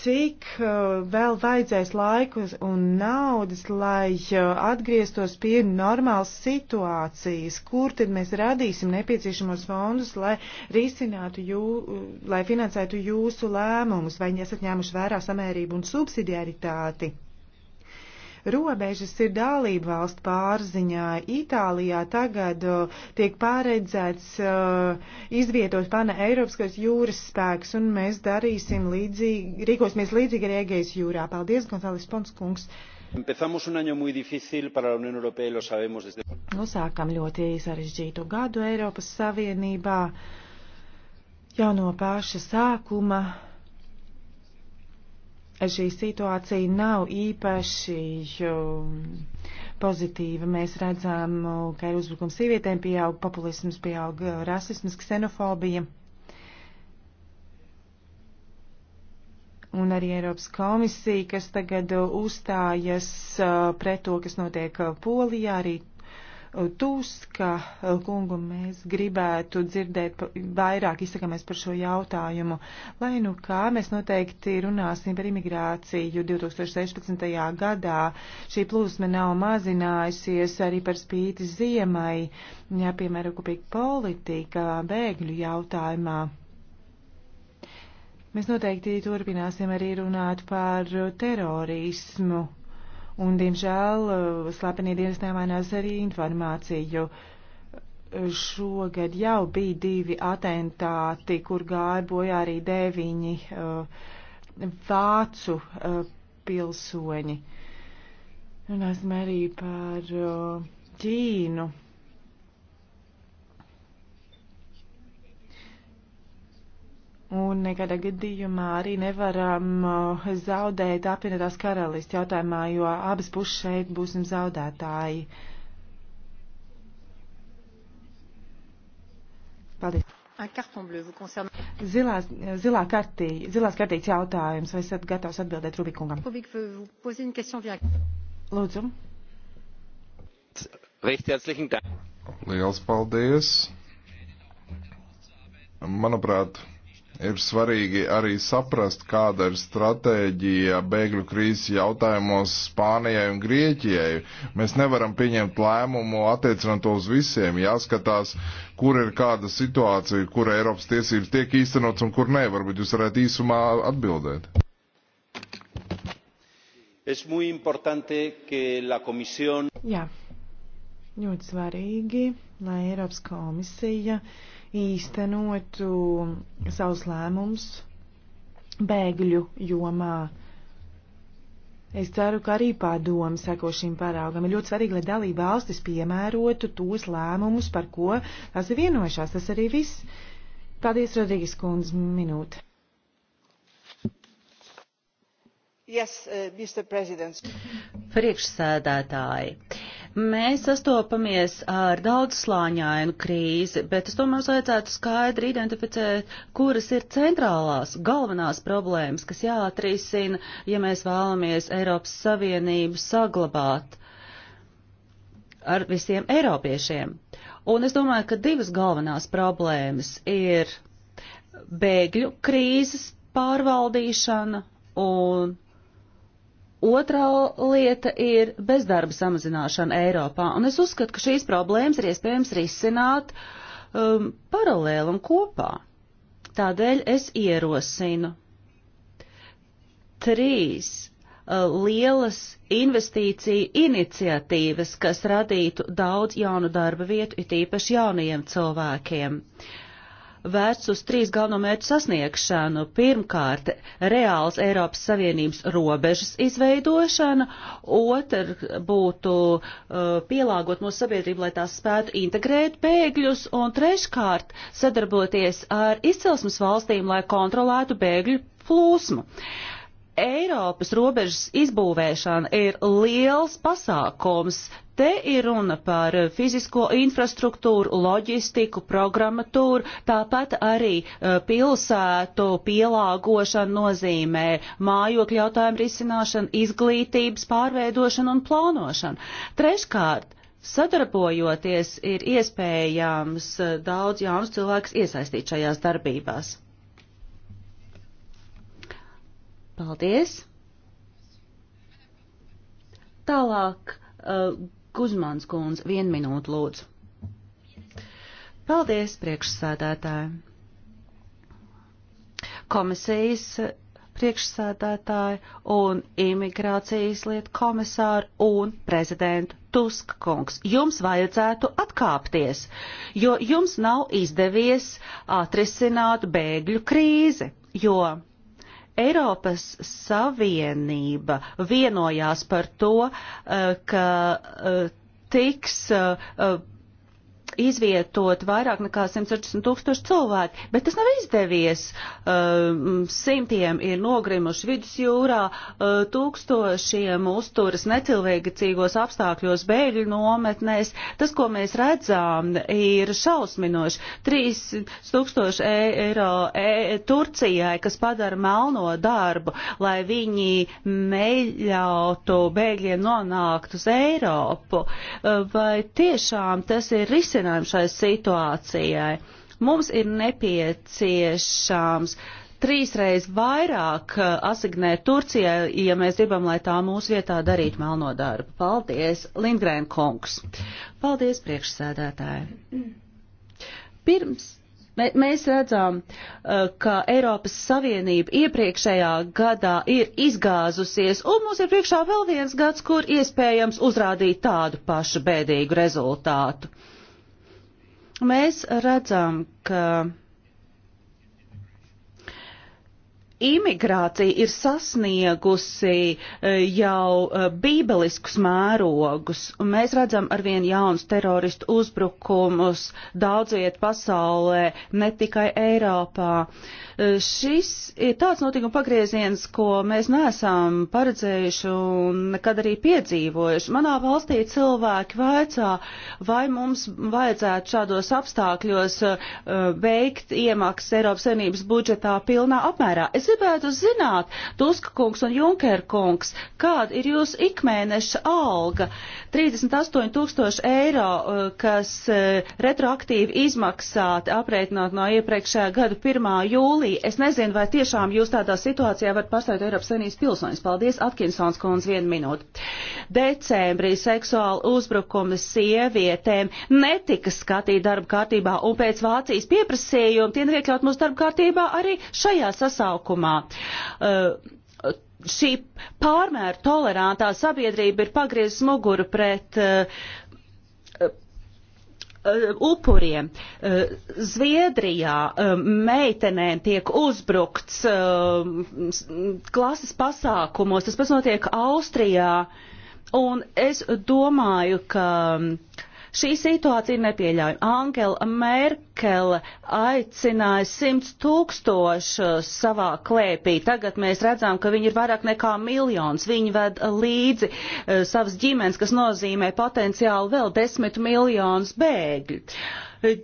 cik uh, vēl vajadzēs laikus un naudas, lai uh, atgrieztos pie normālas situācijas, kur tad mēs radīsim nepieciešamos fondus, lai risinātu, jū, uh, lai finansētu jūsu lēmumus, vai esat ņēmuši vērā samērību un subsidiaritāti. Robežas ir dalība valstu pārziņā. Itālijā tagad tiek pārredzēts izvietot pana Eiropas jūras spēks, un mēs darīsim līdzīgi, rīkosimies līdzīgi arī Egejas jūrā. Paldies, Gonzāles Ponskungs.
Empezamos un año muy difícil para la Unión Europea y lo sabemos desde.
Nosākam nu, ļoti sarežģītu gadu Eiropas Savienībā jau no paša sākuma šī situācija nav īpaši um, pozitīva. Mēs redzam, uh, ka ir uzbrukums sievietēm, pieaug populisms, pieaug uh, rasisms, ksenofobija. Un arī Eiropas komisija, kas tagad uh, uzstājas pret to, kas notiek Polijā, arī Tuska eh, kungu mēs gribētu dzirdēt vairāk izsakamies par šo jautājumu. Lai nu kā, mēs noteikti runāsim par imigrāciju 2016. gadā. Šī plūsma nav mazinājusies arī par spīti ziemai, ja, piemēram, kopīga politika bēgļu jautājumā. Mēs noteikti turpināsim arī runāt par terorismu un, diemžēl, eh, slepenie dienas nemainās arī informāciju. Šogad jau bija divi atentāti, kur gāja bojā arī deviņi uh, vācu uh, pilsoņi. Un esmu arī par uh, Ķīnu. Un nekādā gadījumā arī nevaram uh, zaudēt apvienotās karalists jautājumā, jo abas puses šeit būsim zaudētāji. Paldies. Zilās, zilā kartī, zilās kartīts jautājums. Vai esat gatavs atbildēt Rubikungam? Lūdzu.
Liels paldies. Manuprāt, Ir svarīgi arī saprast, kāda ir stratēģija bēgļu krīzes jautājumos Spānijai un Grieķijai. Mēs nevaram pieņemt lēmumu attiecinot to uz visiem. Jāskatās, kur ir kāda situācija, kur Eiropas tiesības tiek īstenots un kur nē. Varbūt jūs varētu īsumā atbildēt es muy importante que la comisión.
Jā, ļoti svarīgi, lai Eiropas komisija īstenotu savus lēmumus bēgļu jomā. Es ceru, ka arī padomu seko šim paraugam. Ir ļoti svarīgi, lai dalība valstis piemērotu tos lēmumus, par ko tās ir vienojušās. Tas arī viss. Paldies, Rodrīgas kundze, minūte. Yes, uh,
Priekšsēdētāji, Mēs sastopamies ar daudzslāņainu krīzi, bet es domāju, mums vajadzētu skaidri identificēt, kuras ir centrālās, galvenās problēmas, kas jāatrisina, ja mēs vēlamies Eiropas Savienību saglabāt ar visiem eiropiešiem. Un es domāju, ka divas galvenās problēmas ir bēgļu krīzes pārvaldīšana un Otra lieta ir bezdarba samazināšana Eiropā, un es uzskatu, ka šīs problēmas ir iespējams risināt um, paralēli un kopā. Tādēļ es ierosinu trīs uh, lielas investīciju iniciatīvas, kas radītu daudz jaunu darba vietu, it īpaši jaunajiem cilvēkiem. Uh, vērts uz trīs galveno mērķu sasniegšanu. Pirmkārt, reāls Eiropas Savienības robežas izveidošana, otr būtu uh, pielāgot mūsu sabiedrību, lai tās spētu integrēt bēgļus, un treškārt, sadarboties ar izcelsmes valstīm, lai kontrolētu bēgļu plūsmu. Eiropas robežas izbūvēšana ir liels pasākums, Te ir runa par fizisko infrastruktūru, loģistiku, programmatūru, tāpat arī eh, pilsētu pielāgošanu nozīmē mājokļu jautājumu risināšanu, izglītības pārveidošanu un plānošanu. Treškārt, sadarbojoties, ir iespējams eh, daudz jaunus cilvēkus iesaistīt šajās darbībās. Paldies! Tālāk. Uh, Kuzmans kundze, vienu minūtu lūdzu. Paldies, priekšsēdētāji. Komisijas priekšsēdētāji un imigrācijas lietu komisāri un prezidentu Tuska kungs. Jums vajadzētu atkāpties, jo jums nav izdevies atrisināt bēgļu krīzi, jo Eiropas Savienība vienojās par to, eh, ka eh, tiks eh, izvietot vairāk nekā 160 tūkstoši cilvēku, bet tas nav izdevies. Uh, simtiem ir nogrimuši vidusjūrā, uh, tūkstošiem uzturas necilvēcīgos apstākļos bēgļu nometnēs. Tas, ko mēs redzām, ir šausminoši. 3000 e, eiro e Turcijai, kas padara melno darbu, lai viņi neļautu bēgļiem nonākt uz Eiropu. Uh, vai tiešām tas ir risinājums? risinājumu šai situācijai. Mums ir nepieciešams trīsreiz vairāk uh, asignēt Turcijai, ja mēs gribam, lai tā mūsu vietā darītu melno darbu. Paldies, Lindgrēn kungs. Paldies, priekšsēdētāji. Pirms Mēs redzam, uh, ka Eiropas Savienība iepriekšējā gadā ir izgāzusies, un mums ir priekšā vēl viens gads, kur iespējams uzrādīt tādu pašu bēdīgu rezultātu. Mēs redzam, ka imigrācija ir sasniegusi e, jau e, bībeliskus mērogus, un mēs redzam arvien jaunus teroristu uzbrukumus daudziet pasaulē, ne tikai Eiropā. E, šis ir tāds notikuma pagrieziens, ko mēs neesam paredzējuši un nekad arī piedzīvojuši. Manā valstī cilvēki vaicā, vai mums vajadzētu šādos apstākļos veikt iemaksas Eiropas Savienības budžetā pilnā apmērā. Es gribētu zināt, Tuska kungs un Junker kungs, kāda ir jūsu ikmēneša alga? 38 tūkstoši eiro, eh, kas eh, retroaktīvi izmaksāti, aprēķinot no iepriekšējā gada 1. jūlija. Es nezinu, vai tiešām jūs tādā situācijā varat pastāvēt Eiropas Savienības pilsoņus. Paldies, Atkinsons kundz, vienu minūti. Decembrī seksuāla uzbrukuma sievietēm netika skatīta darba kārtībā un pēc Vācijas pieprasījuma tie neiekļaut mūsu darba kārtībā arī šajā sasaukumā kopumā. Uh, šī pārmēr tolerantā sabiedrība ir pagriezis muguru pret uh, uh upuriem. Uh, Zviedrijā uh, meitenēm tiek uzbrukts klases pasākumos, tas pats notiek Austrijā. Un es domāju, ka uh, Šī situācija ir nepieļaujama. Angela Merkele aicināja simts tūkstošus savā klēpī. Tagad mēs redzam, ka viņi ir vairāk nekā miljons. Viņi ved līdzi uh, savas ģimenes, kas nozīmē potenciāli vēl desmit miljonus bēgļu.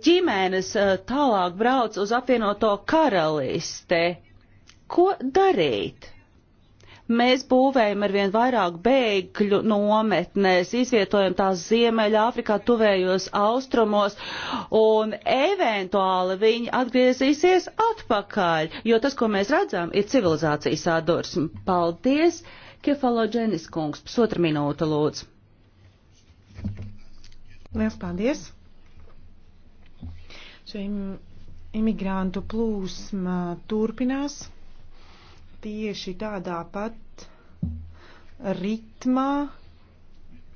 Ģimenes uh, tālāk brauc uz apvienoto karalisti. Ko darīt? Mēs būvējam arvien vairāk bēgļu nometnēs, izvietojam tās Ziemeļāfrikā, tuvējos austrumos, un eventuāli viņi atgriezīsies atpakaļ, jo tas, ko mēs redzam, ir civilizācijas sadursme. Paldies, Kefaloģenis kungs, pusotra minūte lūdzu.
Liels paldies! Šī im, imigrantu plūsma turpinās tieši tādā pat ritmā,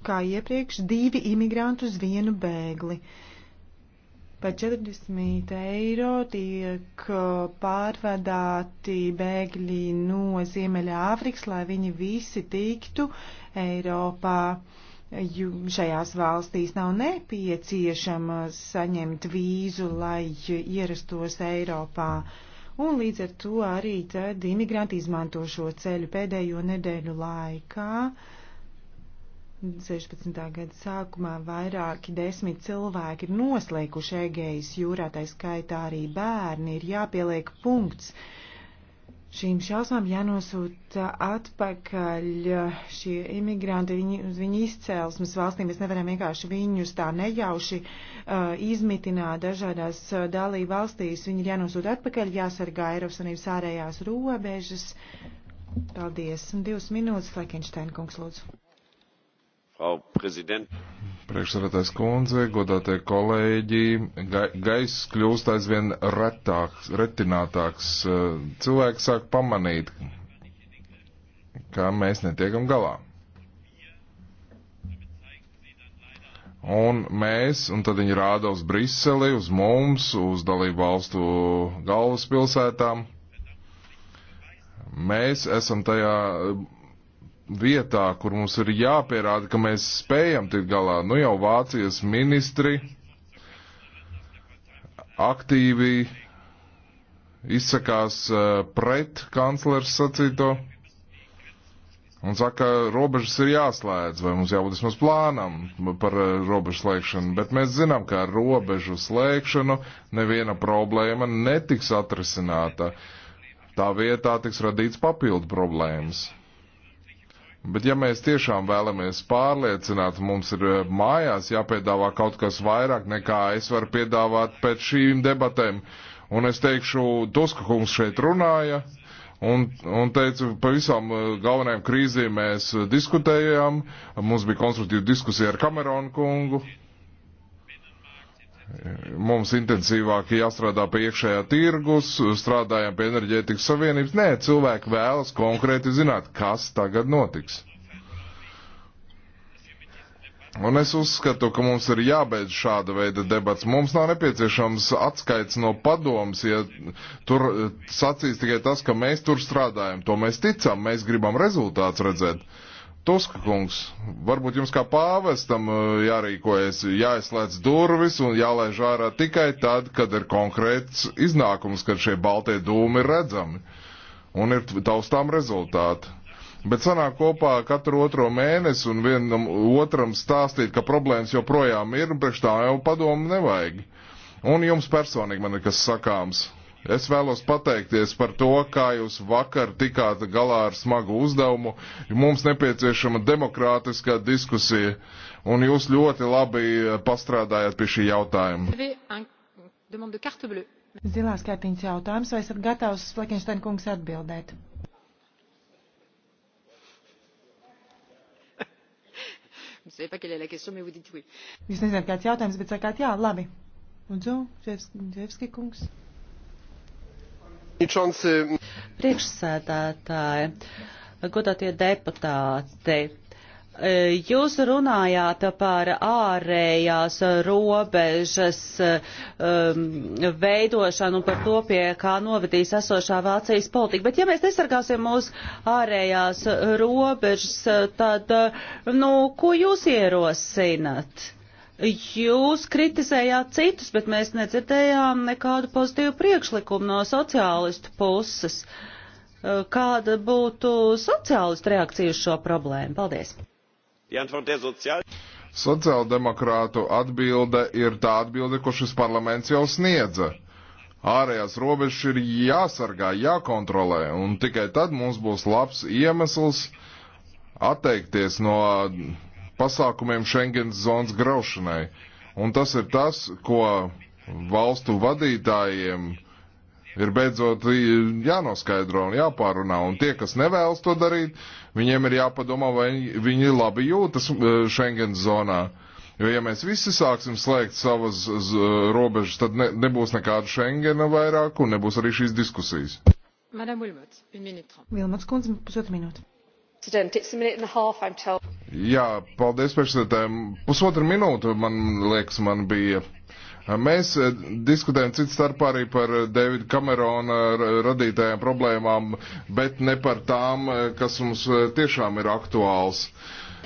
kā iepriekš, divi imigranti uz vienu bēgli. Par 40 eiro tiek uh, pārvadāti bēgļi no Ziemeļa Āfrikas, lai viņi visi tiktu Eiropā. Šajās valstīs nav nepieciešama saņemt vīzu, lai ierastos Eiropā. Uh, un līdz ar to arī tad imigranti izmanto šo ceļu pēdējo nedēļu laikā. 16. gada sākumā vairāki desmit cilvēki ir noslēguši Egejas jūrā, tā skaitā arī bērni, ir jāpieliek punkts uh, šīm šausmām jānosūta atpakaļ šie imigranti viņi, uz viņu izcēlesmes valstīm. Mēs nevaram vienkārši viņus tā nejauši uh, izmitināt dažādās uh, dalību valstīs. Viņi ir jānosūta atpakaļ, jāsargā Eiropas Savienības ārējās robežas. Paldies. Un divas minūtes, Flekinšteina kungs, lūdzu.
Priekšsarētais kundze, godātie kolēģi, ga gaiss kļūst aizvien retāks, retinātāks. Cilvēki sāk pamanīt, ka mēs netiekam galā. Un mēs, un tad viņi rāda uz Briseli, uz mums, uz dalību valstu galvaspilsētām. Mēs esam tajā vietā, kur mums ir jāpierāda, ka mēs spējam tikt galā. Nu jau Vācijas ministri aktīvi izsakās eh, pret kanclers sacīto un saka, robežas ir jāslēdz, vai mums jābūt vismaz plānam par eh, robežu slēgšanu, bet mēs zinām, ka ar robežu slēgšanu neviena problēma netiks atrisināta. Tā vietā tiks radīts papildu problēmas. Bet ja mēs tiešām vēlamies pārliecināt, mums ir eh, mājās jāpiedāvā kaut kas vairāk nekā es varu piedāvāt pēc šīm debatēm. Un es teikšu, Tuska kungs šeit runāja un, un teicu, pa visām eh, galvenajām krīzīm mēs diskutējām, mums bija konstruktīva diskusija ar Kameronu kungu mums intensīvāk jāstrādā pie iekšējā tirgus, strādājam pie enerģētikas savienības. Nē, cilvēki vēlas konkrēti zināt, kas tagad notiks. Un es uzskatu, ka mums ir jābeidz šāda veida debats. Mums nav nepieciešams atskaits no padoms, ja tur sacīs tikai tas, ka mēs tur strādājam. To mēs ticam, mēs gribam rezultāts redzēt. Uh, Tuska kungs, varbūt jums kā pāvestam eh, jārīkojas, jāizslēdz durvis un jālaiž ārā tikai tad, kad ir konkrēts iznākums, kad šie baltie dūmi ir redzami un ir taustām rezultāti. Bet sanāk kopā katru otro mēnesi un vienam otram stāstīt, ka problēmas joprojām ir un priekš tā jau padomu nevajag. Un jums personīgi man ir kas sakāms Es vēlos pateikties par to, kā jūs vakar tikāt galā ar smagu uzdevumu. Mums nepieciešama demokrātiskā diskusija, un jūs ļoti labi pastrādājat pie šī jautājuma.
Zilās kārtiņas jautājums, vai esat gatavs Flekinšteina kungs atbildēt?
Jūs
nezināt, kāds jautājums, bet sakāt jā, labi. Lūdzu, Dževski kungs.
Priekšsēdētāji, godātie deputāti, Jūs runājāt par ārējās robežas um, veidošanu un par to, pie kā novadīs esošā Vācijas politika. Bet ja mēs nesargāsim mūsu ārējās robežas, tad, nu, ko jūs ierosinat? Jūs kritizējāt citus, bet mēs nedzirdējām nekādu pozitīvu priekšlikumu no sociālistu puses. Uh, kāda būtu sociālistu reakcija uz šo problēmu? Paldies!
Sociāldemokrātu atbilde ir tā atbilde, ko šis parlaments jau sniedza. Ārējās robežas ir jāsargā, jākontrolē, un tikai tad mums būs labs iemesls atteikties no pasākumiem Schengens zonas graušanai. Un tas ir tas, ko valstu vadītājiem ir beidzot jānoskaidro un jāpārunā. Un tie, kas nevēlas to darīt, viņiem ir jāpadomā, vai viņi labi jūtas e, Schengen zonā. Jo, ja mēs visi sāksim slēgt savas e, robežas, tad ne, nebūs nekāda Schengena vairāk un nebūs arī šīs diskusijas.
Madame Wilmots, 1 minūte
30. Wilmots, kundze, pusotra minūte.
Jā,
paldies priekšsēdētājiem. Pusotra minūte, man liekas, man bija. Mēs eh, diskutējam citu starpā arī par eh, Davida Kamerona radītajām problēmām, bet ne par tām, eh, kas mums tiešām ir aktuāls. Uh,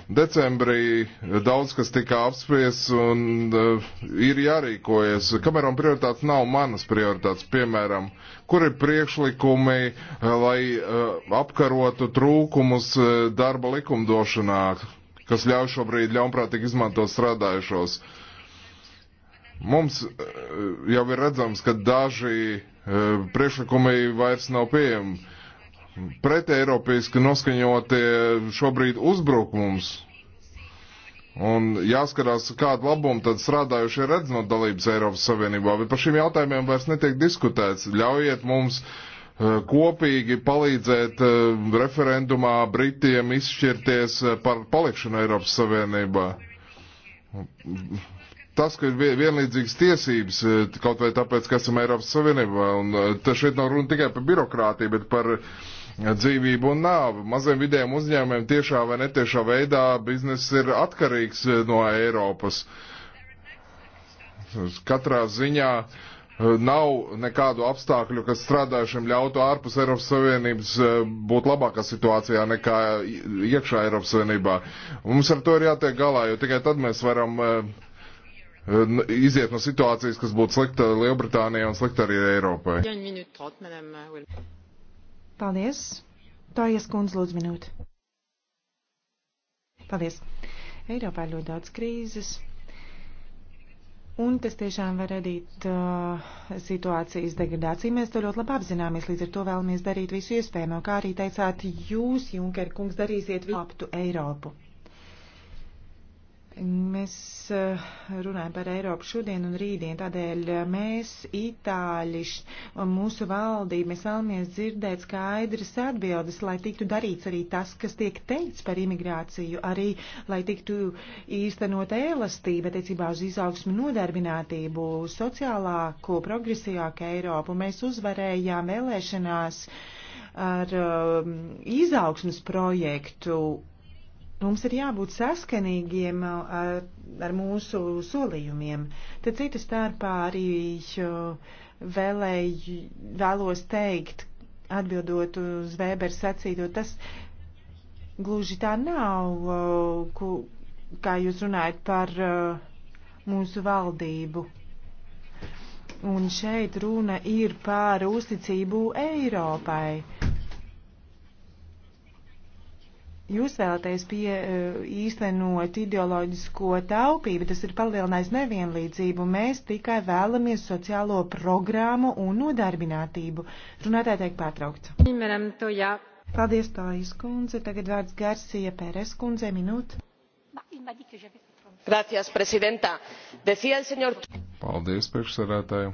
Decembrī daudz kas tika apspriests un uh, ir jārīkojas. Kamerona prioritātes nav manas prioritātes, piemēram, kur ir priekšlikumi, eh, lai uh, apkarotu trūkumus uh, darba likumdošanā, kas ļauj šobrīd ļaunprātīgi izmantot strādājušos. Mums jau ir redzams, ka daži priekšlikumi vairs nav pieejami preteiropeiski noskaņotie šobrīd uzbrukums. Un jāskatās, kādu labumu tad strādājušie redz no dalības Eiropas Savienībā, bet par šiem jautājumiem vairs netiek diskutēts. Ļaujiet mums eh, kopīgi palīdzēt eh, referendumā Britiem izšķirties eh, par palikšanu Eiropas Savienībā. Tas, ka ir vienlīdzīgas tiesības, kaut vai tāpēc, ka esam Eiropas Savienībā, un te šeit nav runa tikai par birokrātiju, bet par uh, dzīvību un nāvi. Maziem vidējiem uzņēmumiem tiešā vai netiešā veidā bizness ir atkarīgs eh, no Eiropas. Katrā ziņā eh, nav nekādu apstākļu, kas strādājušiem ļautu ārpus Eiropas Savienības eh, būt labākā situācijā nekā iekšā Eiropas Savienībā. Mums ar to ir jātiek galā, jo tikai tad mēs varam iziet no situācijas, kas būtu slikta Lielbritānijai un slikta arī Eiropai.
Paldies. Tā ieskundz lūdzu minūti. Paldies. Eiropā ir ļoti daudz krīzes. Un tas tiešām var radīt uh, situācijas degradāciju. Mēs to ļoti labi apzināmies, līdz ar to vēlamies darīt visu iespējamo. Kā arī teicāt, jūs, Junker kungs, darīsiet visu aptu Eiropu. Mēs eh, runājam par Eiropu šodien un rītdien, tādēļ eh, mēs, itāļi, mūsu valdība, mēs vēlamies dzirdēt skaidras atbildes, lai tiktu darīts arī tas, kas tiek teikts par imigrāciju, arī lai tiktu īstenot elastība attiecībā uz izaugsmu nodarbinātību, sociālāko, progresīvāku Eiropu. Mēs uzvarējām vēlēšanās ar um, izaugsmas projektu Mums ir jābūt saskanīgiem ar, eh, ar mūsu solījumiem. Te citu starpā arī eh, vēlēju, vēlos teikt, atbildot uz Vēbera sacīto, tas gluži tā nav, eh, ku, kā jūs runājat par mūsu valdību. Un šeit runa ir par uzticību Eiropai Jūs vēlaties pie, eh, īstenot ideoloģisko taupību, tas ir palielinājis nevienlīdzību. Mēs tikai vēlamies sociālo programmu un nodarbinātību. Runātāji teikt pārtraukts. Paldies, Paldies, kundze. Tagad vārds Garcija Pērēs kundze minūte.
Gracias, presidenta. Decía el señor. Paldies, priekšsarētāji.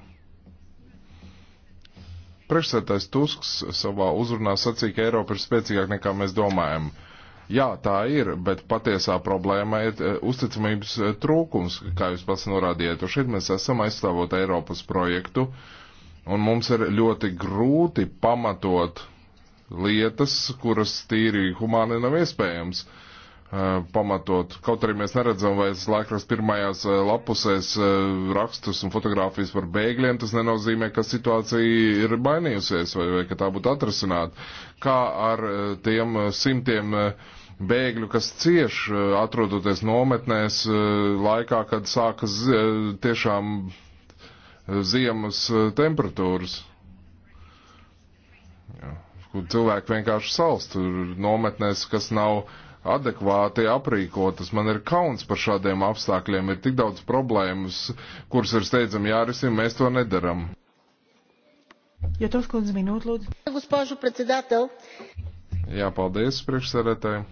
Priekšsētājs Tusks savā uzrunā sacīja, ka Eiropa ir spēcīgāka nekā mēs domājam. Uh, Jā, tā ir, bet patiesā problēma ir e, uzticamības e, trūkums, kā jūs pats norādījāt. Un šeit mēs esam aizstāvot Eiropas projektu, un mums ir ļoti grūti pamatot lietas, kuras tīri humāni nav iespējams e, pamatot. Kaut arī mēs neredzam vairs laikraksta pirmajās lapusēs rakstus un fotogrāfijas par bēgļiem, tas nenozīmē, ka situācija ir mainījusies vai, vai ka tā būtu atrasināta. Kā ar tiem simtiem uh, bēgļu, kas cieš eh, atrodoties nometnēs eh, laikā, kad sākas eh, tiešām ziemas temperatūras. Jā. Kur cilvēki vienkārši salst nometnēs, kas nav adekvāti aprīkotas. Man ir kauns par šādiem apstākļiem. Ir tik daudz problēmas, kuras ir steidzami jārisina, mēs to nedaram.
Jo tos, kundze, minūte, lūdzu.
Jā, paldies, priekšsēdētāji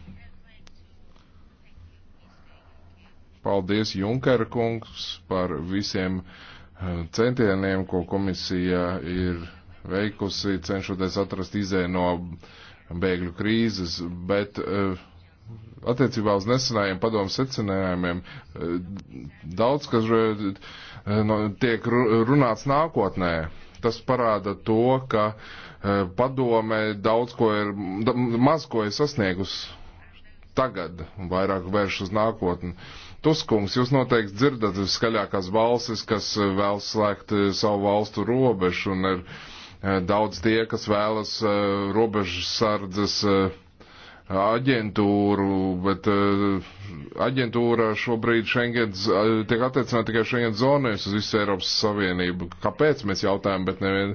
Paldies, Junkara kungs, par visiem eh, centieniem, ko komisija ir veikusi, cenšoties atrast izē no bēgļu krīzes, bet eh, attiecībā uz nesenajiem padomu secinājumiem eh, daudz, kas no, tiek runāts nākotnē, tas parāda to, ka padome daudz ko ir, maz ko ir sasniegus tagad, vairāk vērš uz nākotni. Uh, Tuskungs, jūs noteikti dzirdat skaļākās balsis, kas eh, vēl slēgt eh, savu valstu robežu, un ir eh, daudz tie, kas vēlas robežas sardzes aģentūru, bet aģentūra šobrīd Schengen, tiek attiecināta tikai Schengen zonai uz visu Eiropas Savienību. Kāpēc mēs jautājam, bet nevien,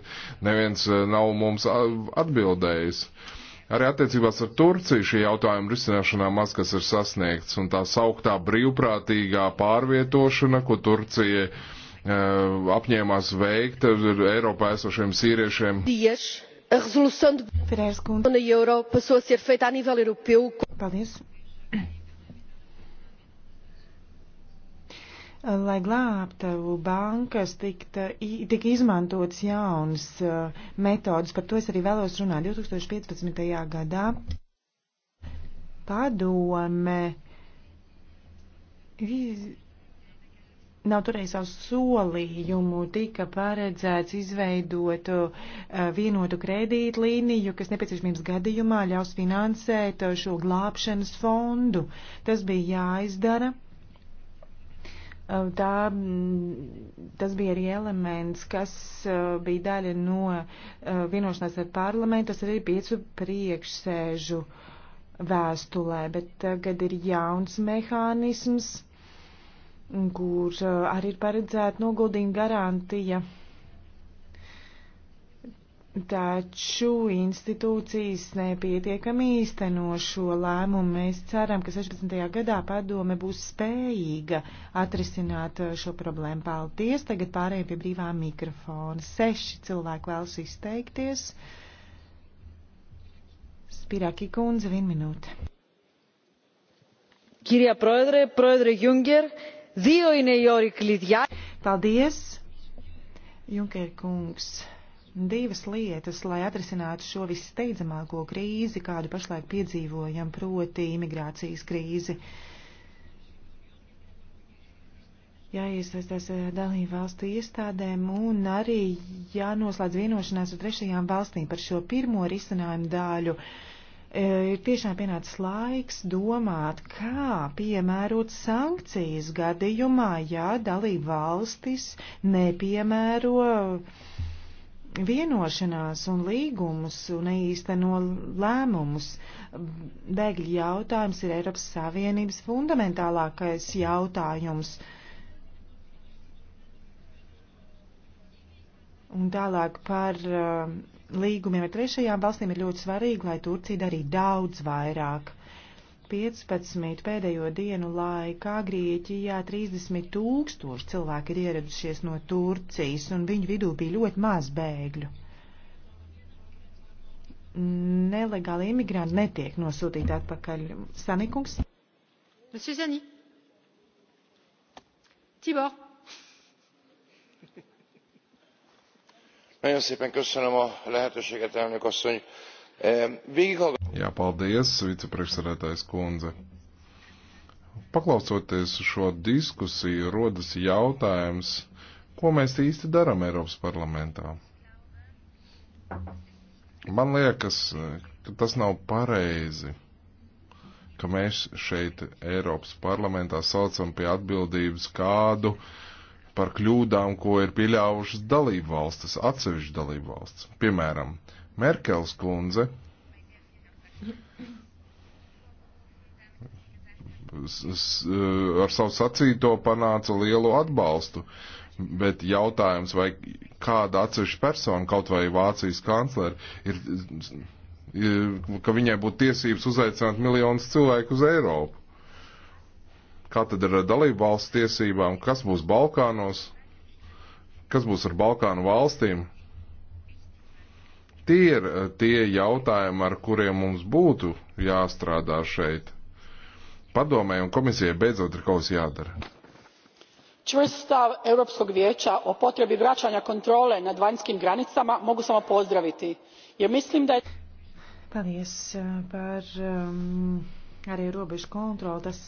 neviens nav mums atbildējis. Uh, Arī attiecībās ar Turciju šī jautājuma risināšanā maz kas ir sasniegts, un tā sauktā brīvprātīgā pārvietošana, ko Turcija uh, apņēmās veikt ar Eiropā esošiem sīriešiem.
Paldies.
lai glābtu bankas, tika tik izmantotas jaunas uh, metodas. Par to es arī vēlos runāt. 2015. gadā padome nav turējis savu solījumu, tika paredzēts izveidot uh, vienotu kredītlīniju, kas nepieciešamības gadījumā ļaus finansēt šo glābšanas fondu. Tas bija jāizdara Um, tā, mm, tas bija arī elements, kas uh, bija daļa no uh, vienošanās ar parlamentu, tas arī piecu priekšsēžu vēstulē, bet tagad ir jauns mehānisms, kur uh, arī ir paredzēta noguldījuma garantija Taču institūcijas nepietiekami īsteno šo lēmumu. Mēs ceram, ka 16. gadā padome būs spējīga atrisināt uh, šo problēmu. Paldies! Tagad pārējiem pie brīvā mikrofona. Seši cilvēki vēlas izteikties. Spirāki kundze, vien minūte. Kirjā proedre, proedre Junger, dio ine jori klidjā. Paldies! Junker kungs divas lietas, lai atrisinātu šo vissteidzamāko krīzi, kādu pašlaik piedzīvojam, proti imigrācijas krīzi. Jāiesaistās eh, dalību valstu iestādēm un arī jānoslēdz vienošanās ar trešajām valstīm par šo pirmo risinājumu daļu. Eh, ir tiešām pienācis laiks domāt, kā piemērot sankcijas gadījumā, ja dalību valstis nepiemēro uh, vienošanās un līgumus un neīsteno lēmumus. Bēgļu jautājums ir Eiropas Savienības fundamentālākais jautājums. Un tālāk par uh, līgumiem ar trešajām valstīm ir ļoti svarīgi, lai Turcija darītu daudz vairāk. 15 pēdējo dienu laikā Grieķijā 30 tūkstoši cilvēki ir ieradušies no Turcijas, un viņu vidū bija ļoti maz bēgļu. Nelegāli imigranti netiek nosūtīti atpakaļ. Sanikungs?
Monsieur Zani. Tibor.
Nagyon szépen köszönöm a lehetőséget, elnök asszony. Végighallgattam. Jā, paldies, vicepriekšsarētājs kundze. Paklausoties šo diskusiju, rodas jautājums, ko mēs īsti darām Eiropas parlamentā. Man liekas, ka tas nav pareizi, ka mēs šeit Eiropas parlamentā saucam pie atbildības kādu, par kļūdām, ko ir pieļāvušas dalību valstis, atsevišķi dalību valsts. Piemēram, Merkels kundze Eh, ar savu sacīto panāca lielu atbalstu. Bet jautājums, vai kāda atsevišķa persona, kaut vai Vācijas kanclere, ir, ir, eh, ka viņai būtu tiesības uzaicināt miljonus cilvēku uz Eiropu. Kā tad ir ar dalību valsts tiesībām? Kas būs Balkānos? Kas būs ar Balkānu valstīm? Tie ir eh, tie jautājumi, ar kuriem mums būtu jāstrādā šeit. Padomē un komisijai beidzot ir kaut kas jādara.
Čvrst stav Europskog vijeća o potrebi vraćanja kontrole nad vanjskim granicama mogu samo pozdraviti, jer mislim da je...
Paldies eh, par um, arī robežu kontroli. Tas,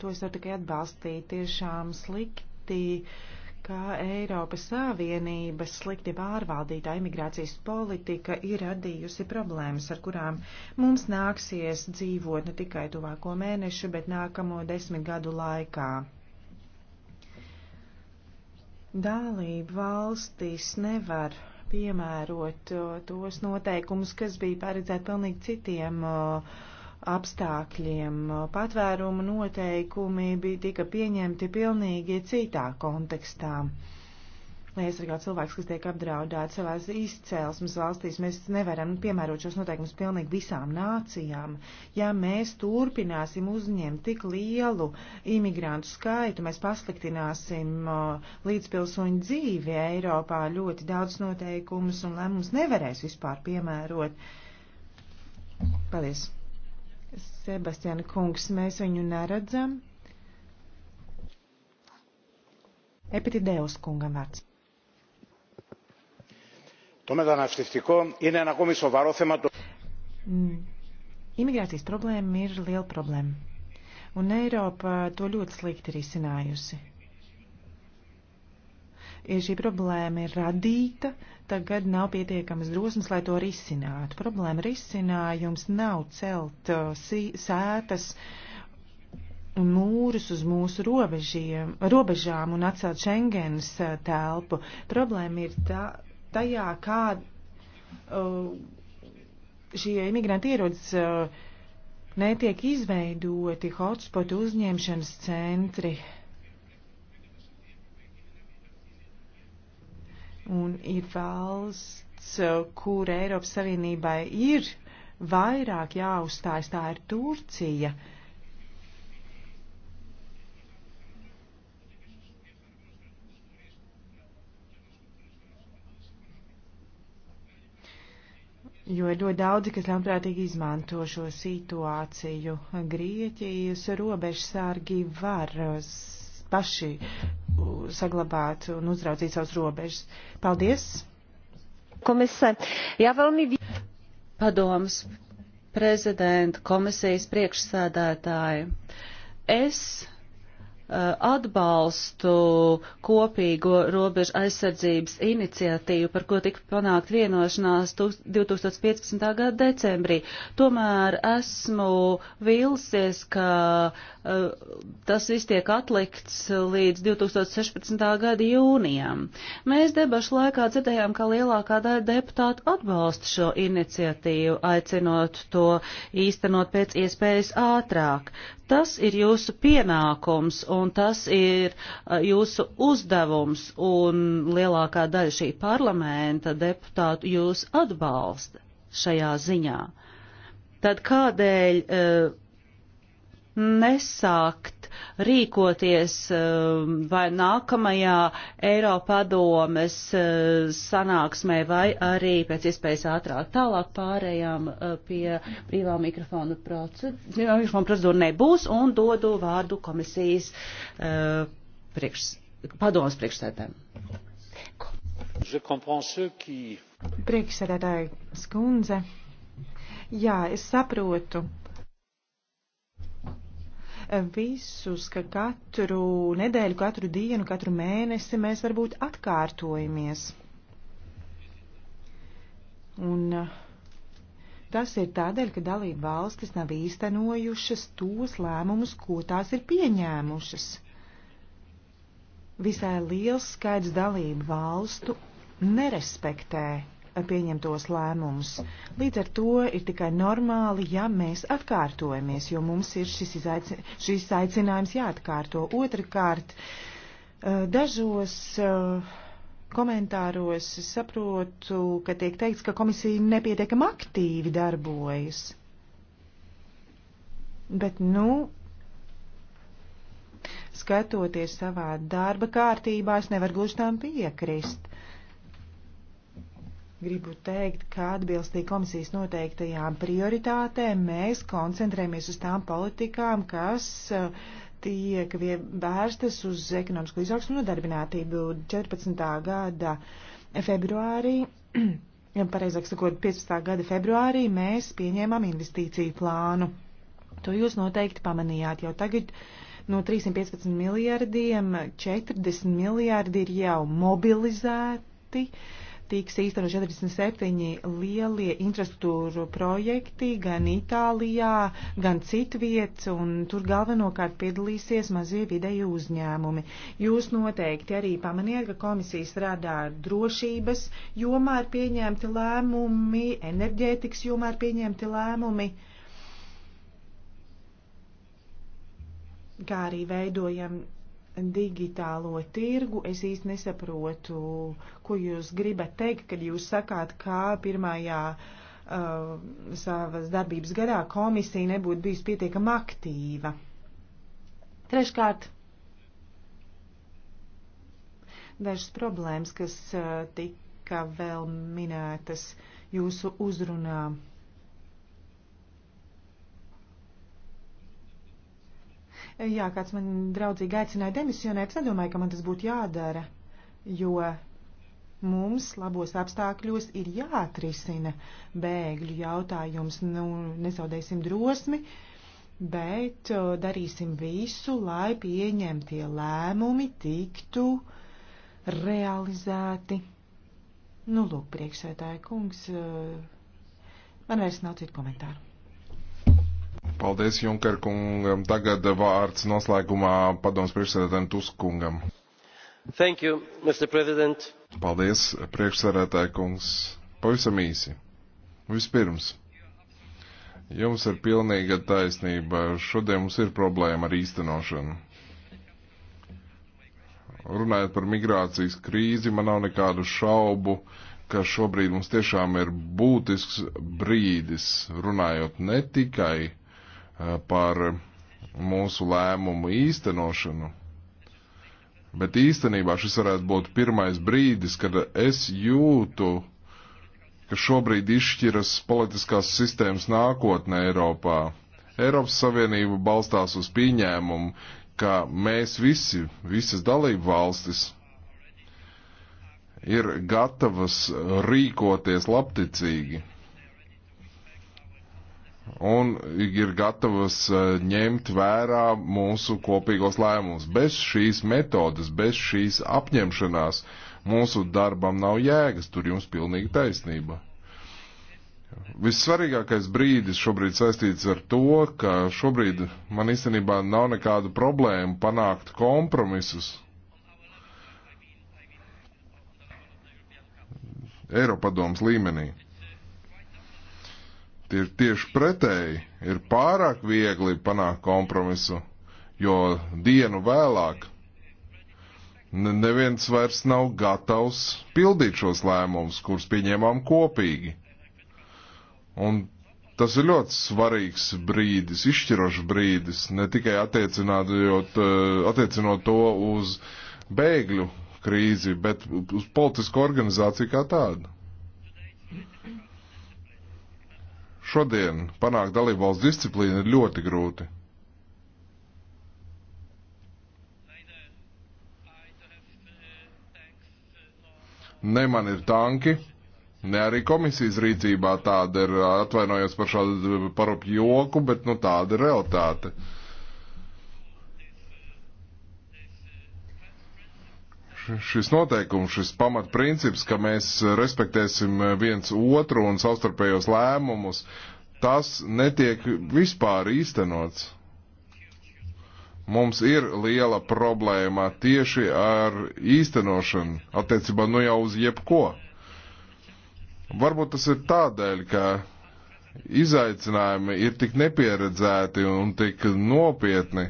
to es varu tikai atbalstīt. Tiešām slikti. Uh, ka Eiropas Savienības slikti pārvaldītā imigrācijas politika ir radījusi problēmas, ar kurām mums nāksies dzīvot ne tikai tuvāko mēnešu, bet nākamo desmit gadu laikā. Dalība valstis nevar piemērot uh, tos noteikumus, kas bija paredzēti pilnīgi citiem uh, apstākļiem. Patvērumu noteikumi bija tika pieņemti pilnīgi citā kontekstā. Lai aizsargātu cilvēks, kas tiek apdraudēts savās izcēlesmes valstīs, mēs nevaram piemērot šos noteikumus pilnīgi visām nācijām. Ja mēs turpināsim uzņemt tik lielu imigrantu skaitu, mēs pasliktināsim līdzpilsoņu dzīvi Eiropā ļoti daudz noteikumus un lēmums nevarēs vispār piemērot. Paldies! Sebastiana kungs, mēs viņu neredzam. Επιτιδέως Κούγκαμάτς. Το μεταναστευτικό είναι ένα ακόμη σοβαρό θέμα. Το... Imigrācijas problēma ir liela problēma, un Eiropa to ļoti slikti risinājusi. Ir šī problēma ir radīta tagad nav pietiekamas drosmes, lai to risinātu. Problēma risinājums nav celt uh, sētas mūrus uz mūsu robežiem, robežām un atcelt Schengenas uh, telpu. Problēma ir tā, tajā, kā uh, šie imigranti ierodas. Uh, netiek izveidoti hotspot uzņemšanas centri, uh, Un ir valsts, kur Eiropas Savienībai ir vairāk jāuzstājas, tā ir Turcija. Jo ir ļoti daudzi, kas ļaunprātīgi izmanto šo situāciju. Grieķijas robežsārgi var paši saglabāt un uzraudzīt savus robežas.
Paldies! Komise, jā, vēlmi padoms, prezidenta, komisijas priekšsēdētāji. Es atbalstu kopīgo robežu aizsardzības iniciatīvu, par ko tika panākt vienošanās 2015. gada decembrī. Tomēr esmu vīlsies, ka e, tas viss tiek atlikts līdz 2016. gada jūnijam. Mēs debašu laikā dzirdējām, ka lielākā daļa deputātu atbalsta šo iniciatīvu, aicinot to īstenot pēc iespējas ātrāk. Tas ir jūsu pienākums un tas ir jūsu uzdevums un lielākā daļa šī parlamenta deputātu jūs atbalsta šajā ziņā. Tad kādēļ uh, nesākt rīkoties um, vai nākamajā Eiropadomes uh, sanāksmē vai arī pēc iespējas ātrāk tālāk pārējām uh, pie brīvā mikrofona procedūra. Brīvā mikrofona procedūra nebūs un dodu vārdu komisijas uh, priekš, padomas priekšsētēm. Priekšsēdētāji skundze.
Jā, es saprotu visus, ka katru nedēļu, katru dienu, katru mēnesi mēs varbūt atkārtojamies. Un eh, tas ir tādēļ, ka dalība valstis nav īstenojušas tos lēmumus, ko tās ir pieņēmušas. Visai liels skaits dalību valstu nerespektē pieņemtos lēmumus. Līdz ar to ir tikai normāli, ja mēs atkārtojamies, jo mums ir šis, izaici, šis aicinājums jāatkārto. Otrakārt, eh, dažos eh, komentāros saprotu, ka tiek teikts, ka komisija nepietiekam aktīvi darbojas. Bet, nu, skatoties savā darba kārtībā, es nevaru gluži tām piekrist. Gribu teikt, ka atbilstīgi komisijas noteiktajām prioritātēm mēs koncentrējamies uz tām politikām, kas eh, tiek vērstas uz ekonomisko izaugsmu un nodarbinātību 14. gada februārī. Pareizāk sakot, 15. gada februārī mēs pieņēmām investīciju plānu. To jūs noteikti pamanījāt jau tagad. No 315 miljardiem 40 miljardi ir jau mobilizēti. Uh, tiks īstenot 47 lielie infrastruktūru projekti gan Itālijā, gan citviet, un tur galvenokārt piedalīsies mazie vidēji uzņēmumi. Jūs noteikti arī pamaniet, ka komisijas strādā ar drošības jomā ir pieņemti lēmumi, enerģētikas jomā ir pieņemti lēmumi. Kā arī veidojam digitālo tirgu. Es īsti nesaprotu, ko jūs gribat teikt, kad jūs sakāt, kā pirmajā uh, savas darbības gadā komisija nebūtu bijusi pietiekama aktīva. Treškārt, dažas problēmas, kas uh, tika vēl minētas jūsu uzrunā. Jā, kāds man draudzīgi aicināja demisionēt, es nedomāju, ka man tas būtu jādara, jo mums labos apstākļos ir jāatrisina bēgļu jautājums. Nu, nezaudēsim drosmi, bet darīsim visu, lai pieņemtie lēmumi tiktu realizēti. Nu, lūk, priekšsētāja kungs, man vairs nav
citu komentāru.
Paldies Junker kungam. Tagad vārds noslēgumā padoms priekšsēdētājiem Tuskungam.
Thank you, Mr. President.
Paldies, priekšsēdētāja kungs. Pavisam īsi. Vispirms. Jums ir pilnīga taisnība. Šodien mums ir problēma ar īstenošanu. Runājot par migrācijas krīzi, man nav nekādu šaubu, ka šobrīd mums tiešām ir būtisks brīdis, runājot ne tikai Eh, par mūsu lēmumu īstenošanu. Bet īstenībā šis varētu būt pirmais brīdis, kad es jūtu, ka šobrīd izšķiras politiskās sistēmas nākotne Eiropā. Eiropas Savienība balstās uz pieņēmumu, ka mēs visi, visas dalību valstis, ir gatavas rīkoties labticīgi un ir gatavas eh, ņemt vērā mūsu kopīgos lēmumus. Bez šīs metodas, bez šīs apņemšanās mūsu darbam nav jēgas, tur jums pilnīgi taisnība. Vissvarīgākais brīdis šobrīd saistīts ar to, ka šobrīd man īstenībā nav nekādu problēmu panākt kompromisus. Eiropadoms līmenī ir tieši pretēji. Ir pārāk viegli panākt kompromisu, jo dienu vēlāk neviens vairs nav gatavs pildīt šos lēmumus, kurus pieņēmām kopīgi. Un tas ir ļoti svarīgs brīdis, izšķirošs brīdis, ne tikai eh, attiecinot to uz bēgļu krīzi, bet uz politisko organizāciju kā tādu. Šodien panākt dalībvalsts disciplīnu ir ļoti grūti. Ne man ir tanki, ne arī komisijas rīcībā tāda ir. Atvainojos par šādu parupju joku, bet nu, tāda ir realitāte. Uh, šis noteikums, šis pamatprincips, ka mēs respektēsim viens otru un savstarpējos lēmumus, tas netiek vispār īstenots. Mums ir liela problēma tieši ar īstenošanu attiecībā nu jau uz jebko. Varbūt tas ir tādēļ, ka izaicinājumi ir tik nepieredzēti un tik nopietni,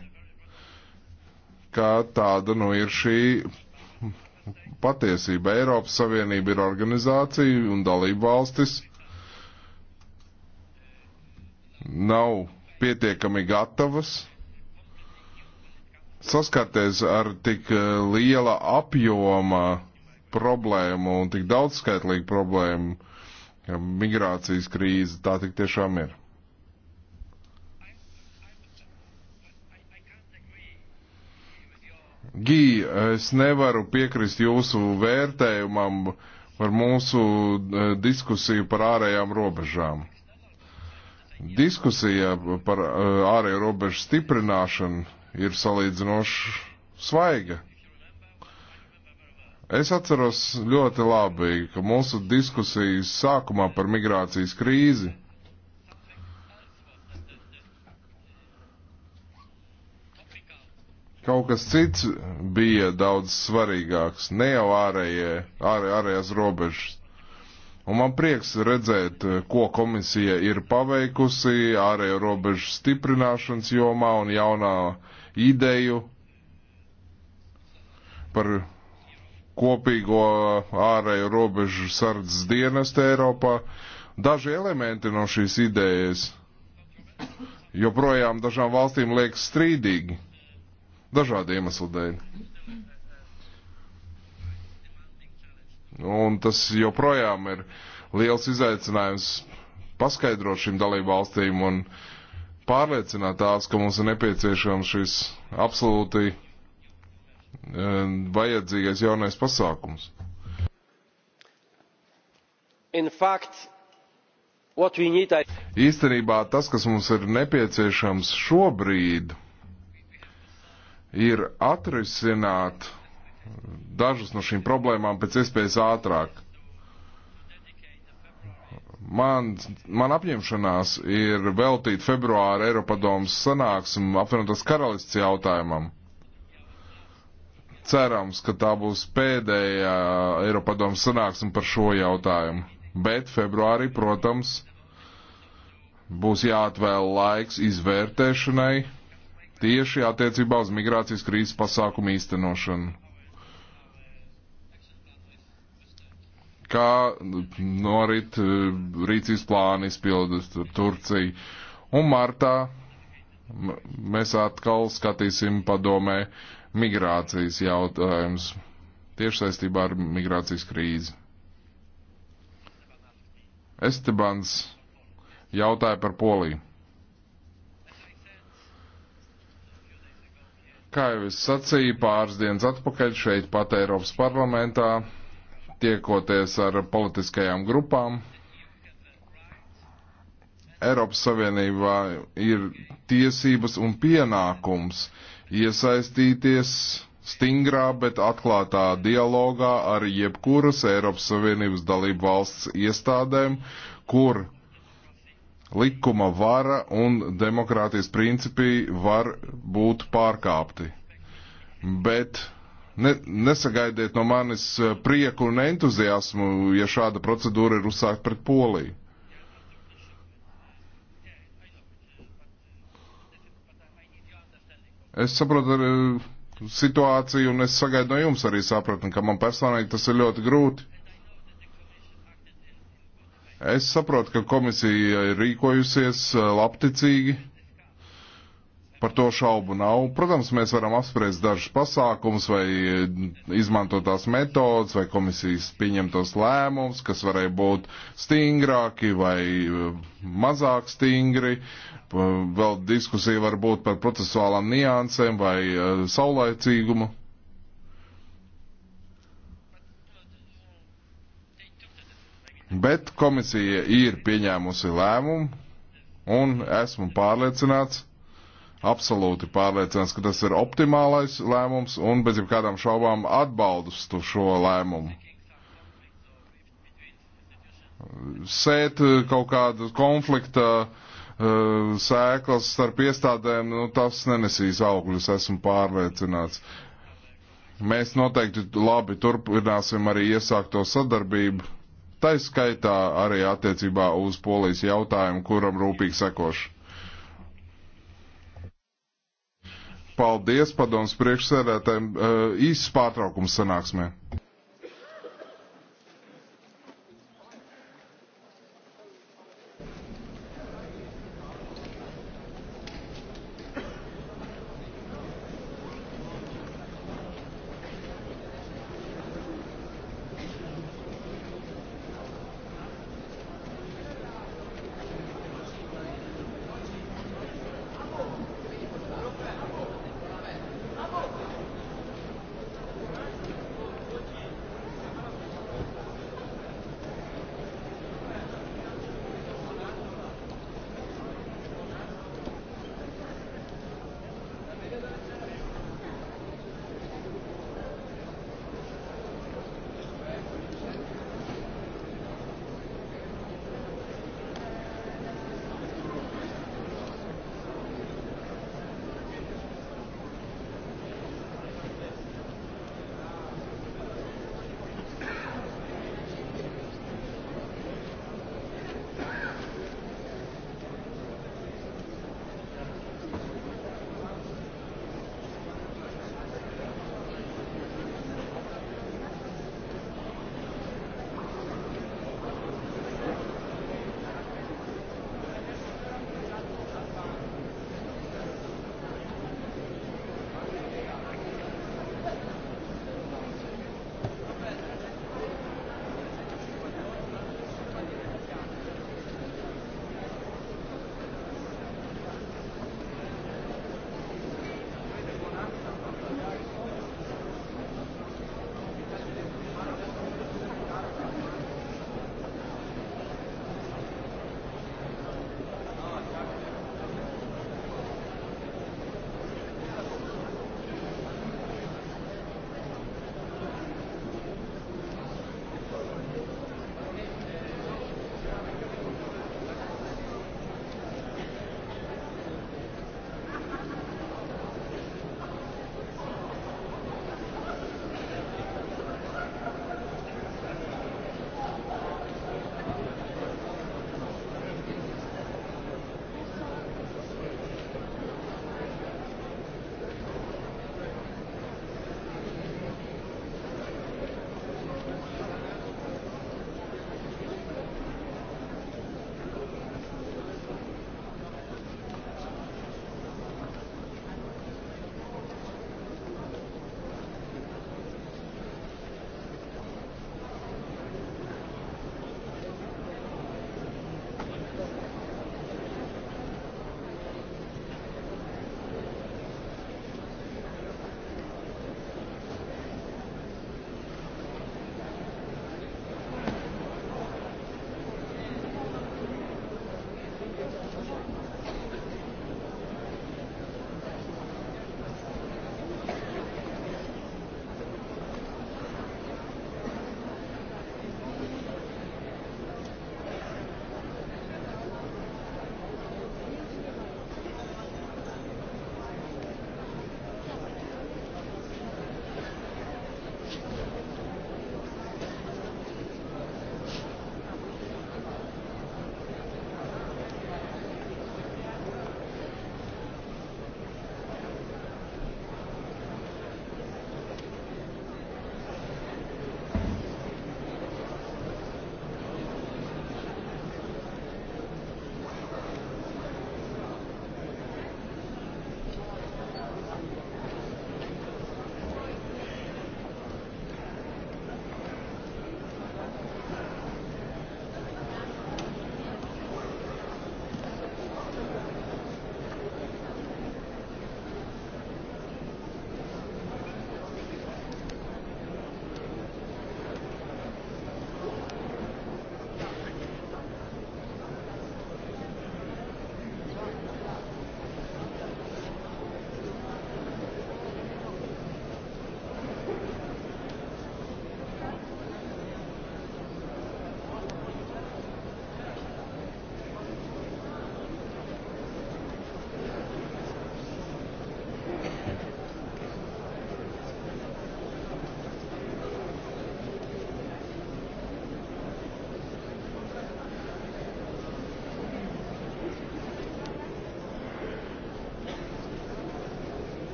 kā tāda nu ir šī patiesība. Eiropas Savienība ir organizācija un dalība valstis nav pietiekami gatavas saskarties ar tik eh, liela apjoma problēmu un tik daudzskaitlīgu problēmu, migrācijas krīze, tā tik tiešām ir. Gī, es nevaru piekrist jūsu vērtējumam par mūsu e, diskusiju par ārējām robežām. Diskusija par e, ārējo robežu stiprināšanu ir salīdzinoši svaiga. Es atceros ļoti labi, ka mūsu diskusijas sākumā par migrācijas krīzi Kaut kas cits bija daudz svarīgāks, ne jau ārējie, ār, ārējās robežas. Un man prieks redzēt, ko komisija ir paveikusi ārējo robežu stiprināšanas jomā un jaunā ideju par kopīgo ārējo robežu sardzes dienestu Eiropā. Daži elementi no šīs idejas joprojām dažām valstīm liekas strīdīgi Dažādu iemeslu dēļ. Un tas joprojām ir liels izaicinājums paskaidrot šīm dalību valstīm un pārliecināt tās, ka mums ir nepieciešams šis absolūti e, vajadzīgais jaunais pasākums. In fact, need, I... Īstenībā tas, kas mums ir nepieciešams šobrīd, ir ir atrisināt dažas no šīm problēmām pēc iespējas ātrāk. Man, man apņemšanās ir veltīt februāra Eiropadomas sanāksmu apvienotās karalists jautājumam. Cerams, ka tā būs pēdējā Eiropadomas sanāksme par šo jautājumu. Bet februārī, protams, būs jāatvēl laiks izvērtēšanai tieši attiecībā uz migrācijas krīzes pasākumu īstenošanu. Kā norit eh, rīcības plāni izpildas Turcija. Un martā mēs atkal skatīsim padomē migrācijas jautājums tieši saistībā ar migrācijas krīzi. Estebans jautāja par Poliju. Kā jau es sacīju, pāris dienas atpakaļ šeit pat Eiropas parlamentā, tiekoties ar politiskajām grupām, Eiropas Savienībā ir tiesības un pienākums iesaistīties stingrā, bet atklātā dialogā ar jebkuras Eiropas Savienības dalību valsts iestādēm, kur likuma vara un demokrātijas principi var būt pārkāpti. Bet ne, nesagaidiet no manis eh, prieku un entuziasmu, ja šāda procedūra ir uzsākt pret Poliju. Es saprotu eh, situāciju un es sagaidu no jums arī sapratni, ka man personīgi tas ir ļoti grūti. Es saprotu, ka komisija ir rīkojusies eh, labticīgi. Par to šaubu nav. Protams, mēs varam apspriest dažus pasākumus vai eh, izmantotās metodas vai komisijas pieņemtos lēmumus, kas varēja būt stingrāki vai eh, mazāk stingri. Vēl diskusija var būt par procesuālām niansēm vai saulaicīgumu. Bet komisija ir pieņēmusi lēmumu, un esmu pārliecināts, absolūti pārliecināts, ka tas ir optimālais lēmums, un bez jebkādām šaubām atbalstu šo lēmumu. Sēt kaut kādu konflikta uh, sēklas starp iestādēm, nu, tas nenesīs augļus, esmu pārliecināts. Mēs noteikti labi turpināsim arī iesākto sadarbību Tā skaitā arī attiecībā uz polijas jautājumu, kuram rūpīgi sekošu. Paldies padoms priekšsēdētājiem. Īsts pārtraukums sanāksmē.